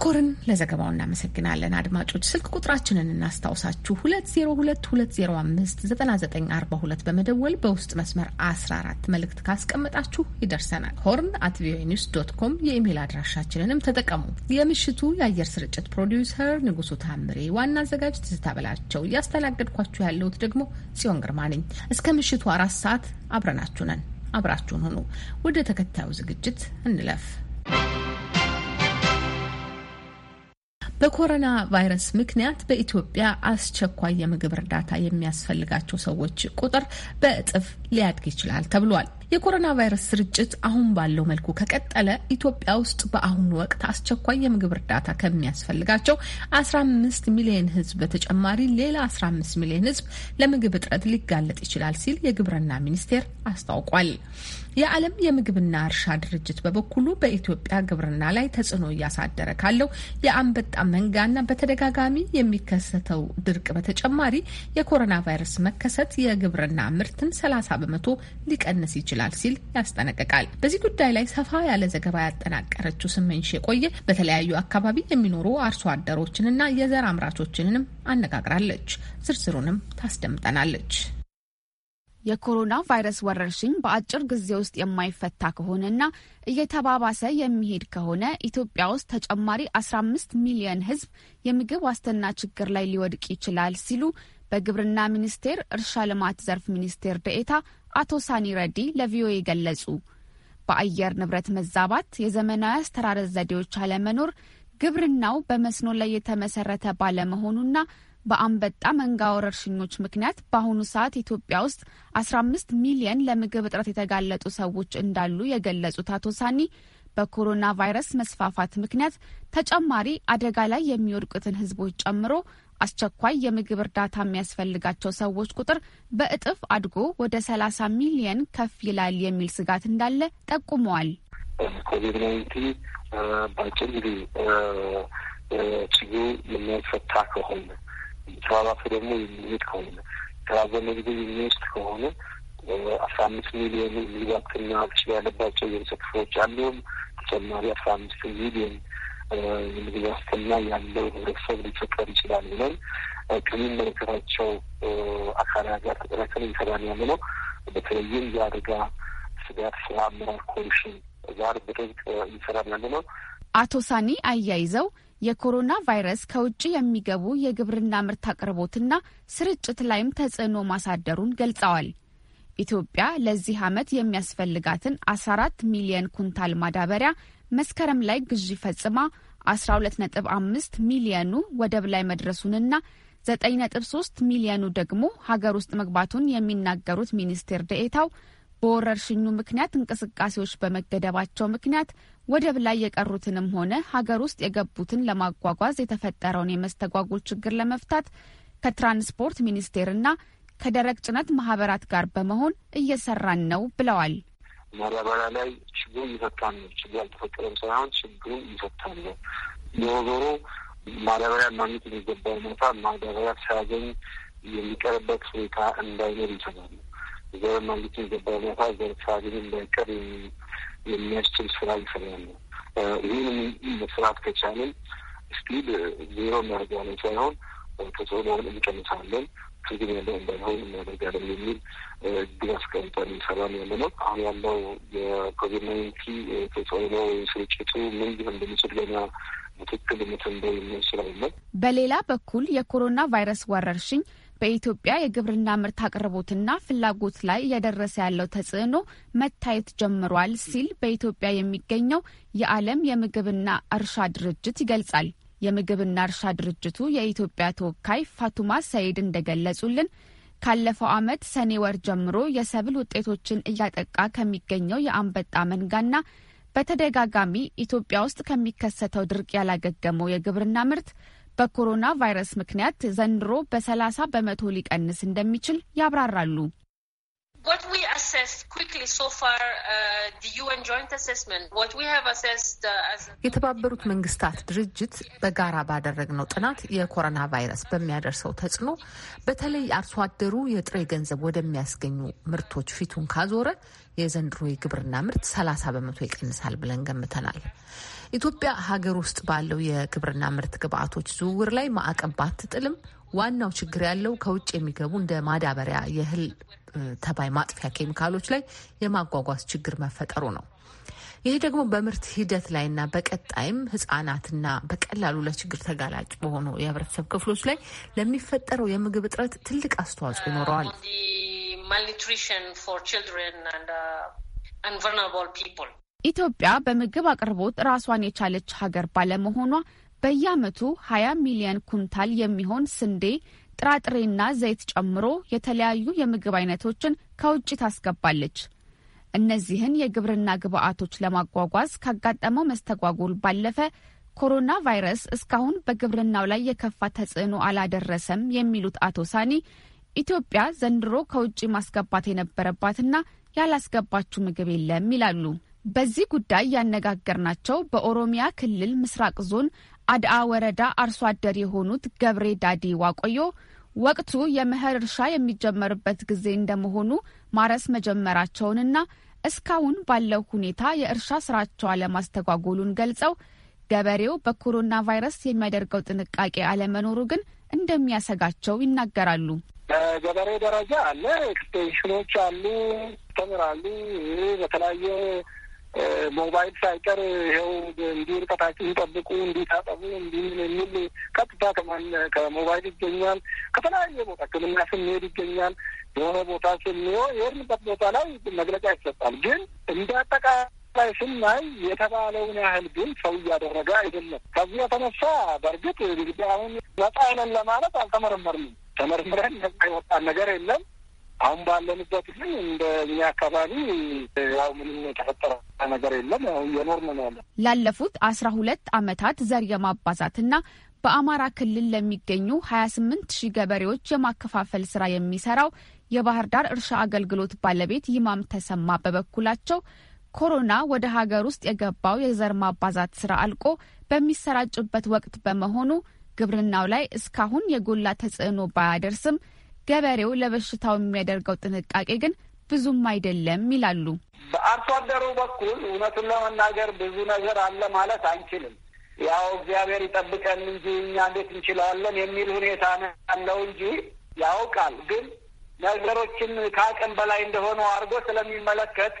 ኮርን ለዘገባው እናመሰግናለን። አድማጮች ስልክ ቁጥራችንን እናስታውሳችሁ 2022059942 በመደወል በውስጥ መስመር 14 መልእክት ካስቀመጣችሁ ይደርሰናል። ሆርን አት ቪኦኤ ኒውስ ዶት ኮም የኢሜይል አድራሻችንንም ተጠቀሙ። የምሽቱ የአየር ስርጭት ፕሮዲውሰር ንጉሱ ታምሬ፣ ዋና አዘጋጅ ትዝታ በላቸው፣ እያስተናገድኳችሁ ያለሁት ደግሞ ጽዮን ግርማ ነኝ። እስከ ምሽቱ አራት ሰዓት አብረናችሁ ነን። አብራችሁን ሁኑ። ወደ ተከታዩ ዝግጅት እንለፍ። በኮሮና ቫይረስ ምክንያት በኢትዮጵያ አስቸኳይ የምግብ እርዳታ የሚያስፈልጋቸው ሰዎች ቁጥር በእጥፍ ሊያድግ ይችላል ተብሏል። የኮሮና ቫይረስ ስርጭት አሁን ባለው መልኩ ከቀጠለ ኢትዮጵያ ውስጥ በአሁኑ ወቅት አስቸኳይ የምግብ እርዳታ ከሚያስፈልጋቸው 15 ሚሊዮን ሕዝብ በተጨማሪ ሌላ 15 ሚሊዮን ሕዝብ ለምግብ እጥረት ሊጋለጥ ይችላል ሲል የግብርና ሚኒስቴር አስታውቋል። የዓለም የምግብና እርሻ ድርጅት በበኩሉ በኢትዮጵያ ግብርና ላይ ተጽዕኖ እያሳደረ ካለው የአንበጣ መንጋና በተደጋጋሚ የሚከሰተው ድርቅ በተጨማሪ የኮሮና ቫይረስ መከሰት የግብርና ምርትን 30 በመቶ ሊቀንስ ይችላል ሲል ያስጠነቅቃል። በዚህ ጉዳይ ላይ ሰፋ ያለ ዘገባ ያጠናቀረችው ስመንሽ የቆየ በተለያዩ አካባቢ የሚኖሩ አርሶ አደሮችንና የዘር አምራቾችንንም አነጋግራለች። ዝርዝሩንም ታስደምጠናለች። የኮሮና ቫይረስ ወረርሽኝ በአጭር ጊዜ ውስጥ የማይፈታ ከሆነና እየተባባሰ የሚሄድ ከሆነ ኢትዮጵያ ውስጥ ተጨማሪ 15 ሚሊዮን ሕዝብ የምግብ ዋስትና ችግር ላይ ሊወድቅ ይችላል ሲሉ በግብርና ሚኒስቴር እርሻ ልማት ዘርፍ ሚኒስቴር ደኤታ አቶ ሳኒ ረዲ ለቪኦኤ ገለጹ። በአየር ንብረት መዛባት የዘመናዊ አስተራረስ ዘዴዎች አለመኖር ግብርናው በመስኖ ላይ የተመሰረተ ባለመሆኑና በአንበጣ መንጋ ወረርሽኞች ምክንያት በአሁኑ ሰዓት ኢትዮጵያ ውስጥ 15 ሚሊየን ለምግብ እጥረት የተጋለጡ ሰዎች እንዳሉ የገለጹት አቶ ሳኒ በኮሮና ቫይረስ መስፋፋት ምክንያት ተጨማሪ አደጋ ላይ የሚወድቁትን ህዝቦች ጨምሮ አስቸኳይ የምግብ እርዳታ የሚያስፈልጋቸው ሰዎች ቁጥር በእጥፍ አድጎ ወደ 30 ሚሊየን ከፍ ይላል የሚል ስጋት እንዳለ ጠቁመዋል። ኮቪድ ናይንቲን በአጭር ጊዜ ችግሩ የሚያስፈታ ከሆነ የተባባሰ ደግሞ የሚሄድ ከሆነ የተራዘመ ጊዜ የሚወስድ ከሆነ አስራ አምስት ሚሊዮን ሊባክትና በሽታ ያለባቸው የህብረተሰብ ክፍሎች አሉም ተጨማሪ አስራ አምስት ሚሊዮን የምግብ ዋስትና ያለው ህብረተሰብ ሊፈጠር ይችላል ብለን ከሚመለከታቸው አካላት ጋር ተጠናከን እየሰራን ያለ ነው። በተለይም የአደጋ ስጋት ስራ አመራር ኮሚሽን ጋር በደንብ እየሰራን ያለ ነው። አቶ ሳኒ አያይዘው የኮሮና ቫይረስ ከውጭ የሚገቡ የግብርና ምርት አቅርቦትና ስርጭት ላይም ተጽዕኖ ማሳደሩን ገልጸዋል። ኢትዮጵያ ለዚህ ዓመት የሚያስፈልጋትን 14 ሚሊየን ኩንታል ማዳበሪያ መስከረም ላይ ግዢ ፈጽማ 12.5 ሚሊየኑ ወደብ ላይ መድረሱንና 9.3 ሚሊየኑ ደግሞ ሀገር ውስጥ መግባቱን የሚናገሩት ሚኒስቴር ደኤታው በወረርሽኙ ምክንያት እንቅስቃሴዎች በመገደባቸው ምክንያት ወደብ ላይ የቀሩትንም ሆነ ሀገር ውስጥ የገቡትን ለማጓጓዝ የተፈጠረውን የመስተጓጎል ችግር ለመፍታት ከትራንስፖርት ሚኒስቴርና ከደረቅ ጭነት ማህበራት ጋር በመሆን እየሰራን ነው ብለዋል። ማዳበሪያ ላይ ችግሩ እየፈታ ነው። ችግር አልተፈጠረም ሳይሆን ችግሩ እየፈታ ነው። ዞሮ ማዳበሪያ ማግኘት የሚገባው ሁኔታ ማዳበሪያ ሳያገኝ የሚቀርበት ሁኔታ እንዳይኖር ይሰራል። ዘር መንግስት የገባ ሁኔታ ዘርፋግን እንዳይቀር የሚያስችል ስራ ይሰራል። ይህን መስራት ከቻለን ስፒድ ዜሮ እናደርጋለን ሳይሆን ከዞን እንቀንሳለን ትግል ያለ እንዳይሆን እናደርጋለን የሚል ግብ አስቀምጠን ይሰራል ያለ ነው። አሁን ያለው የኮቪድ ናይንቲን ተጽዕኖ ስርጭቱ ምን ሊሆን እንደሚችል ገና በትክክል መተንበይ የሚያስችላለን። በሌላ በኩል የኮሮና ቫይረስ ወረርሽኝ በኢትዮጵያ የግብርና ምርት አቅርቦትና ፍላጎት ላይ እያደረሰ ያለው ተጽዕኖ መታየት ጀምሯል ሲል በኢትዮጵያ የሚገኘው የዓለም የምግብና እርሻ ድርጅት ይገልጻል። የምግብና እርሻ ድርጅቱ የኢትዮጵያ ተወካይ ፋቱማ ሰይድ እንደገለጹልን ካለፈው ዓመት ሰኔ ወር ጀምሮ የሰብል ውጤቶችን እያጠቃ ከሚገኘው የአንበጣ መንጋና በተደጋጋሚ ኢትዮጵያ ውስጥ ከሚከሰተው ድርቅ ያላገገመው የግብርና ምርት በኮሮና ቫይረስ ምክንያት ዘንድሮ በሰላሳ በመቶ ሊቀንስ እንደሚችል ያብራራሉ። uh, uh, የተባበሩት መንግስታት ድርጅት በጋራ ባደረግነው ጥናት የኮሮና ቫይረስ በሚያደርሰው ተጽዕኖ በተለይ አርሶ አደሩ የጥሬ ገንዘብ ወደሚያስገኙ ምርቶች ፊቱን ካዞረ የዘንድሮ የግብርና ምርት ሰላሳ በመቶ ይቀንሳል ብለን ገምተናል። ኢትዮጵያ ሀገር ውስጥ ባለው የግብርና ምርት ግብአቶች ዝውውር ላይ ማዕቀብ ባትጥልም ዋናው ችግር ያለው ከውጭ የሚገቡ እንደ ማዳበሪያ፣ የእህል ተባይ ማጥፊያ ኬሚካሎች ላይ የማጓጓዝ ችግር መፈጠሩ ነው። ይህ ደግሞ በምርት ሂደት ላይና በቀጣይም ህጻናትና በቀላሉ ለችግር ተጋላጭ በሆኑ የህብረተሰብ ክፍሎች ላይ ለሚፈጠረው የምግብ እጥረት ትልቅ አስተዋጽኦ ይኖረዋል። ኢትዮጵያ በምግብ አቅርቦት ራሷን የቻለች ሀገር ባለመሆኗ በየዓመቱ 20 ሚሊዮን ኩንታል የሚሆን ስንዴ፣ ጥራጥሬና ዘይት ጨምሮ የተለያዩ የምግብ አይነቶችን ከውጭ ታስገባለች። እነዚህን የግብርና ግብዓቶች ለማጓጓዝ ካጋጠመው መስተጓጎል ባለፈ ኮሮና ቫይረስ እስካሁን በግብርናው ላይ የከፋ ተጽዕኖ አላደረሰም የሚሉት አቶ ሳኒ ኢትዮጵያ ዘንድሮ ከውጭ ማስገባት የነበረባትና ያላስገባችው ምግብ የለም ይላሉ። በዚህ ጉዳይ ያነጋገርናቸው በኦሮሚያ ክልል ምስራቅ ዞን አድአ ወረዳ አርሶ አደር የሆኑት ገብሬ ዳዲ ዋቆዮ ወቅቱ የመኸር እርሻ የሚጀመርበት ጊዜ እንደመሆኑ ማረስ መጀመራቸውንና እስካሁን ባለው ሁኔታ የእርሻ ስራቸው አለማስተጓጎሉን ገልጸው ገበሬው በኮሮና ቫይረስ የሚያደርገው ጥንቃቄ አለመኖሩ ግን እንደሚያሰጋቸው ይናገራሉ። በገበሬ ደረጃ አለ፣ ኤክስቴንሽኖች አሉ፣ ተምራሉ በተለያየ ሞባይል ሳይቀር ይኸው እንዲህ እርቀታችሁን ጠብቁ፣ እንዲህ ታጠቡ፣ እንዲህ የሚል ቀጥታ ከሞባይል ይገኛል። ከተለያየ ቦታ ሕክምና ስንሄድ ይገኛል። የሆነ ቦታ ስንሆ የሄድንበት ቦታ ላይ መግለጫ ይሰጣል። ግን እንደ አጠቃላይ ስናይ የተባለውን ያህል ግን ሰው እያደረገ አይደለም። ከዚህ የተነሳ በእርግጥ እንግዲህ አሁን ነጻ አይነን ለማለት አልተመረመርንም። ተመርምረን ነጻ የወጣን ነገር የለም። አሁን ባለንበት ግን እንደ እኛ አካባቢ ያው ምንም የተፈጠረ ነገር የለም። ያው እየኖርን ነው ያለን። ላለፉት አስራ ሁለት አመታት ዘር የማባዛትና በአማራ ክልል ለሚገኙ ሀያ ስምንት ሺህ ገበሬዎች የማከፋፈል ስራ የሚሰራው የባህር ዳር እርሻ አገልግሎት ባለቤት ይማም ተሰማ በበኩላቸው ኮሮና ወደ ሀገር ውስጥ የገባው የዘር ማባዛት ስራ አልቆ በሚሰራጭበት ወቅት በመሆኑ ግብርናው ላይ እስካሁን የጎላ ተጽዕኖ ባያደርስም ገበሬው ለበሽታው የሚያደርገው ጥንቃቄ ግን ብዙም አይደለም ይላሉ። በአርሶ አደሩ በኩል እውነቱን ለመናገር ብዙ ነገር አለ ማለት አንችልም። ያው እግዚአብሔር ይጠብቀን እንጂ እኛ እንዴት እንችለዋለን የሚል ሁኔታ ነው ያለው እንጂ ያውቃል። ግን ነገሮችን ከአቅም በላይ እንደሆነ አድርጎ ስለሚመለከት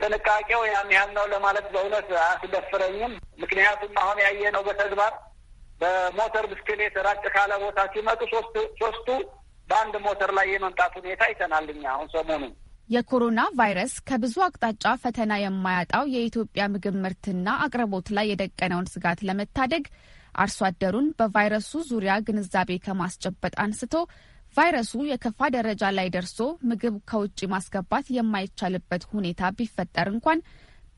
ጥንቃቄው ያን ያህል ነው ለማለት በእውነት አስደፍረኝም። ምክንያቱም አሁን ያየነው በተግባር በሞተር ብስክሌት ራቅ ካለ ቦታ ሲመጡ ሶስቱ በአንድ ሞተር ላይ የመምጣት ሁኔታ አይተናል። እኛ አሁን ሰሞኑን የኮሮና ቫይረስ ከብዙ አቅጣጫ ፈተና የማያጣው የኢትዮጵያ ምግብ ምርትና አቅርቦት ላይ የደቀነውን ስጋት ለመታደግ አርሶ አደሩን በቫይረሱ ዙሪያ ግንዛቤ ከማስጨበጥ አንስቶ ቫይረሱ የከፋ ደረጃ ላይ ደርሶ ምግብ ከውጭ ማስገባት የማይቻልበት ሁኔታ ቢፈጠር እንኳን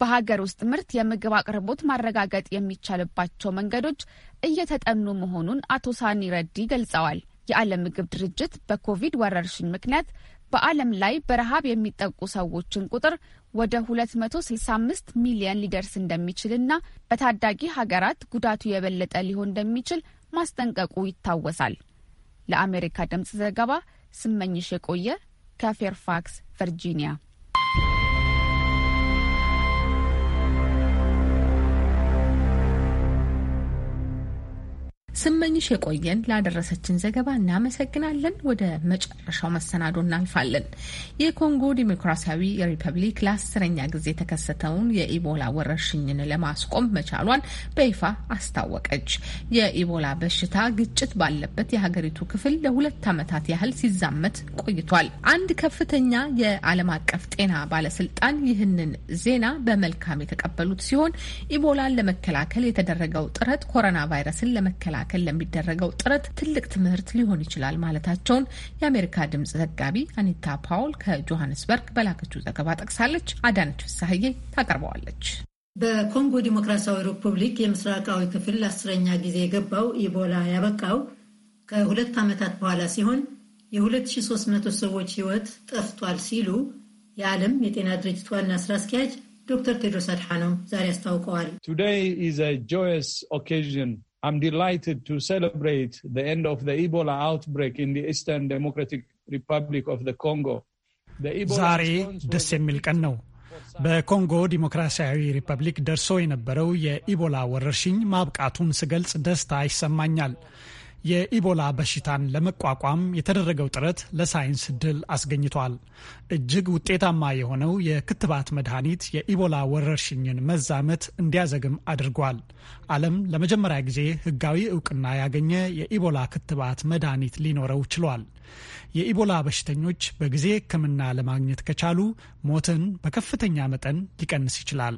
በሀገር ውስጥ ምርት የምግብ አቅርቦት ማረጋገጥ የሚቻልባቸው መንገዶች እየተጠኑ መሆኑን አቶ ሳኒ ረዲ ገልጸዋል። የዓለም ምግብ ድርጅት በኮቪድ ወረርሽኝ ምክንያት በዓለም ላይ በረሃብ የሚጠቁ ሰዎችን ቁጥር ወደ 265 ሚሊየን ሊደርስ እንደሚችልና በታዳጊ ሀገራት ጉዳቱ የበለጠ ሊሆን እንደሚችል ማስጠንቀቁ ይታወሳል። ለአሜሪካ ድምፅ ዘገባ ስመኝሽ የቆየ ከፌርፋክስ ቨርጂኒያ። ስመኝሽ የቆየን ላደረሰችን ዘገባ እናመሰግናለን። ወደ መጨረሻው መሰናዶ እናልፋለን። የኮንጎ ዲሞክራሲያዊ ሪፐብሊክ ለአስረኛ ጊዜ የተከሰተውን የኢቦላ ወረርሽኝን ለማስቆም መቻሏን በይፋ አስታወቀች። የኢቦላ በሽታ ግጭት ባለበት የሀገሪቱ ክፍል ለሁለት ዓመታት ያህል ሲዛመት ቆይቷል። አንድ ከፍተኛ የዓለም አቀፍ ጤና ባለስልጣን ይህንን ዜና በመልካም የተቀበሉት ሲሆን ኢቦላን ለመከላከል የተደረገው ጥረት ኮሮና ቫይረስን ለመከላከል ለማስተካከል ለሚደረገው ጥረት ትልቅ ትምህርት ሊሆን ይችላል ማለታቸውን የአሜሪካ ድምጽ ዘጋቢ አኒታ ፓውል ከጆሃንስበርግ በላከችው ዘገባ ጠቅሳለች። አዳነች ፍሳሀዬ ታቀርበዋለች። በኮንጎ ዲሞክራሲያዊ ሪፑብሊክ የምስራቃዊ ክፍል አስረኛ ጊዜ የገባው ኢቦላ ያበቃው ከሁለት ዓመታት በኋላ ሲሆን የ2300 ሰዎች ሕይወት ጠፍቷል ሲሉ የዓለም የጤና ድርጅት ዋና ስራ አስኪያጅ ዶክተር ቴድሮስ አድሓኖም ዛሬ አስታውቀዋል። ቱዴይ ኢዝ አ ጆየስ ኦኬዥን I'm delighted to celebrate the end of the Ebola outbreak in the Eastern Democratic Republic of the Congo. ዛሬ ደስ የሚል ቀን ነው። በኮንጎ ዲሞክራሲያዊ ሪፐብሊክ ደርሶ የነበረው የኢቦላ ወረርሽኝ ማብቃቱን ስገልጽ ደስታ ይሰማኛል። የኢቦላ በሽታን ለመቋቋም የተደረገው ጥረት ለሳይንስ ድል አስገኝቷል። እጅግ ውጤታማ የሆነው የክትባት መድኃኒት የኢቦላ ወረርሽኝን መዛመት እንዲያዘግም አድርጓል። ዓለም ለመጀመሪያ ጊዜ ሕጋዊ እውቅና ያገኘ የኢቦላ ክትባት መድኃኒት ሊኖረው ችሏል። የኢቦላ በሽተኞች በጊዜ ሕክምና ለማግኘት ከቻሉ ሞትን በከፍተኛ መጠን ሊቀንስ ይችላል።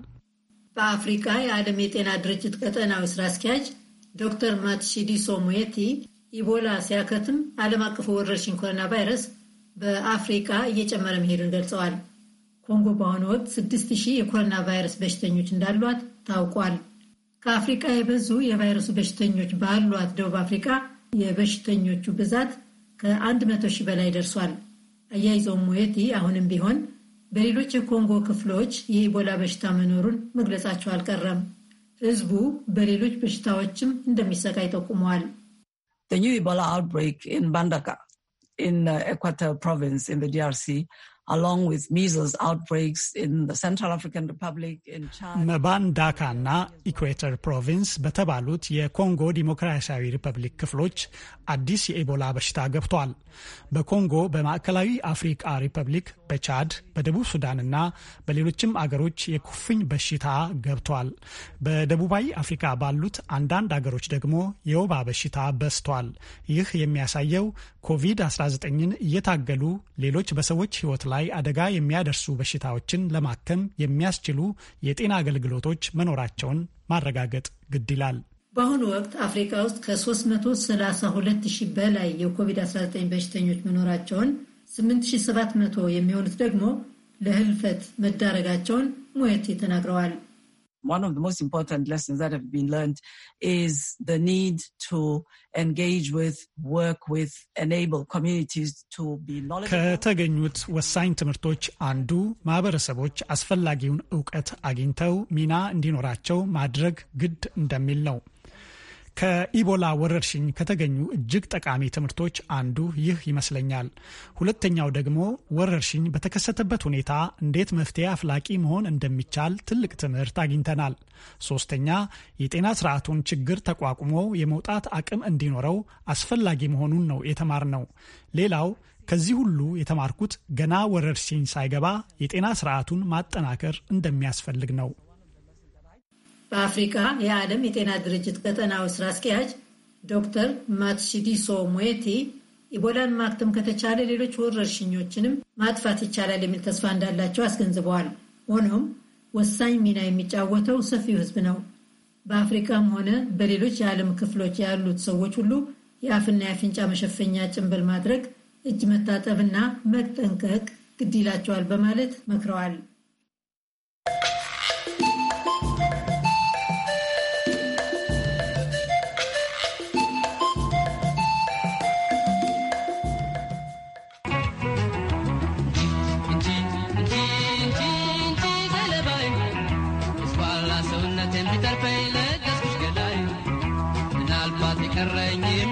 በአፍሪካ የዓለም የጤና ድርጅት ቀጠናዊ ስራ አስኪያጅ ዶክተር ማትሺዲሶ ሙየቲ ኢቦላ ሲያከትም ዓለም አቀፉ ወረርሽኝ ኮሮና ቫይረስ በአፍሪቃ እየጨመረ መሄዱን ገልጸዋል። ኮንጎ በአሁኑ ወቅት ሺህ የኮሮና ቫይረስ በሽተኞች እንዳሏት ታውቋል። ከአፍሪቃ የበዙ የቫይረሱ በሽተኞች ባሏት ደቡብ አፍሪቃ የበሽተኞቹ ብዛት ከ100 ሺህ በላይ ደርሷል። አያይዘውም ሙየቲ አሁንም ቢሆን በሌሎች የኮንጎ ክፍሎች የኢቦላ በሽታ መኖሩን መግለጻቸው አልቀረም። The new Ebola outbreak in Bandaka in uh, Equator province in the DRC along with measles outbreaks in the Central African Republic in China. na Equator province betabalut ye Democratic Republic ክፍሎች አዲስ የኢቦላ በሽታ ገብቷል። በኮንጎ በማዕከላዊ አፍሪካ ሪፐብሊክ በቻድ በደቡብ ሱዳንና በሌሎችም አገሮች የኩፍኝ በሽታ ገብቷል። በደቡባዊ አፍሪካ ባሉት አንዳንድ አገሮች ደግሞ የወባ በሽታ በስቷል። ይህ የሚያሳየው ኮቪድ-19ን እየታገሉ ሌሎች በሰዎች ሕይወት ላይ አደጋ የሚያደርሱ በሽታዎችን ለማከም የሚያስችሉ የጤና አገልግሎቶች መኖራቸውን ማረጋገጥ ግድ ይላል። በአሁኑ ወቅት አፍሪካ ውስጥ ከ332 ሺህ በላይ የኮቪድ-19 በሽተኞች መኖራቸውን 8700 የሚሆኑት ደግሞ ለህልፈት መዳረጋቸውን ሙየቴ ተናግረዋል። One of the most important lessons that have been learned is the need to engage with, work with, enable communities to be knowledgeable. ከተገኙት ወሳኝ ትምህርቶች አንዱ ማህበረሰቦች አስፈላጊውን እውቀት አግኝተው ሚና እንዲኖራቸው ማድረግ ግድ እንደሚል ነው። ከኢቦላ ወረርሽኝ ከተገኙ እጅግ ጠቃሚ ትምህርቶች አንዱ ይህ ይመስለኛል። ሁለተኛው ደግሞ ወረርሽኝ በተከሰተበት ሁኔታ እንዴት መፍትሄ አፍላቂ መሆን እንደሚቻል ትልቅ ትምህርት አግኝተናል። ሶስተኛ፣ የጤና ስርዓቱን ችግር ተቋቁሞ የመውጣት አቅም እንዲኖረው አስፈላጊ መሆኑን ነው የተማርነው። ሌላው ከዚህ ሁሉ የተማርኩት ገና ወረርሽኝ ሳይገባ የጤና ስርዓቱን ማጠናከር እንደሚያስፈልግ ነው። በአፍሪካ የዓለም የጤና ድርጅት ቀጠናዊ ስራ አስኪያጅ ዶክተር ማትሺዲሶ ሙዌቲ ኢቦላን ማክተም ከተቻለ ሌሎች ወረርሽኞችንም ማጥፋት ይቻላል የሚል ተስፋ እንዳላቸው አስገንዝበዋል። ሆኖም ወሳኝ ሚና የሚጫወተው ሰፊው ህዝብ ነው። በአፍሪካም ሆነ በሌሎች የዓለም ክፍሎች ያሉት ሰዎች ሁሉ የአፍና የአፍንጫ መሸፈኛ ጭንብል ማድረግ፣ እጅ መታጠብና መጠንቀቅ ግድ ይላቸዋል በማለት መክረዋል። Rangin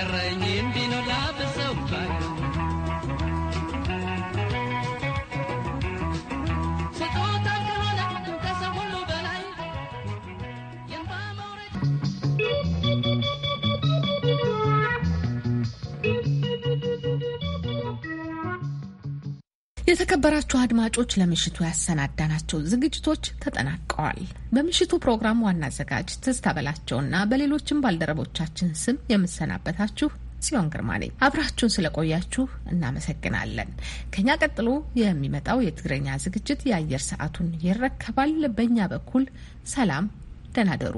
Monterrey. የተከበራችሁ አድማጮች ለምሽቱ ያሰናዳናቸው ዝግጅቶች ተጠናቀዋል። በምሽቱ ፕሮግራም ዋና አዘጋጅ ትዝታ በላቸውና በሌሎችም ባልደረቦቻችን ስም የምሰናበታችሁ ጽዮን ግርማ ነኝ። አብራችሁን ስለቆያችሁ እናመሰግናለን። ከኛ ቀጥሎ የሚመጣው የትግረኛ ዝግጅት የአየር ሰዓቱን ይረከባል። በእኛ በኩል ሰላም፣ ደህና ደሩ።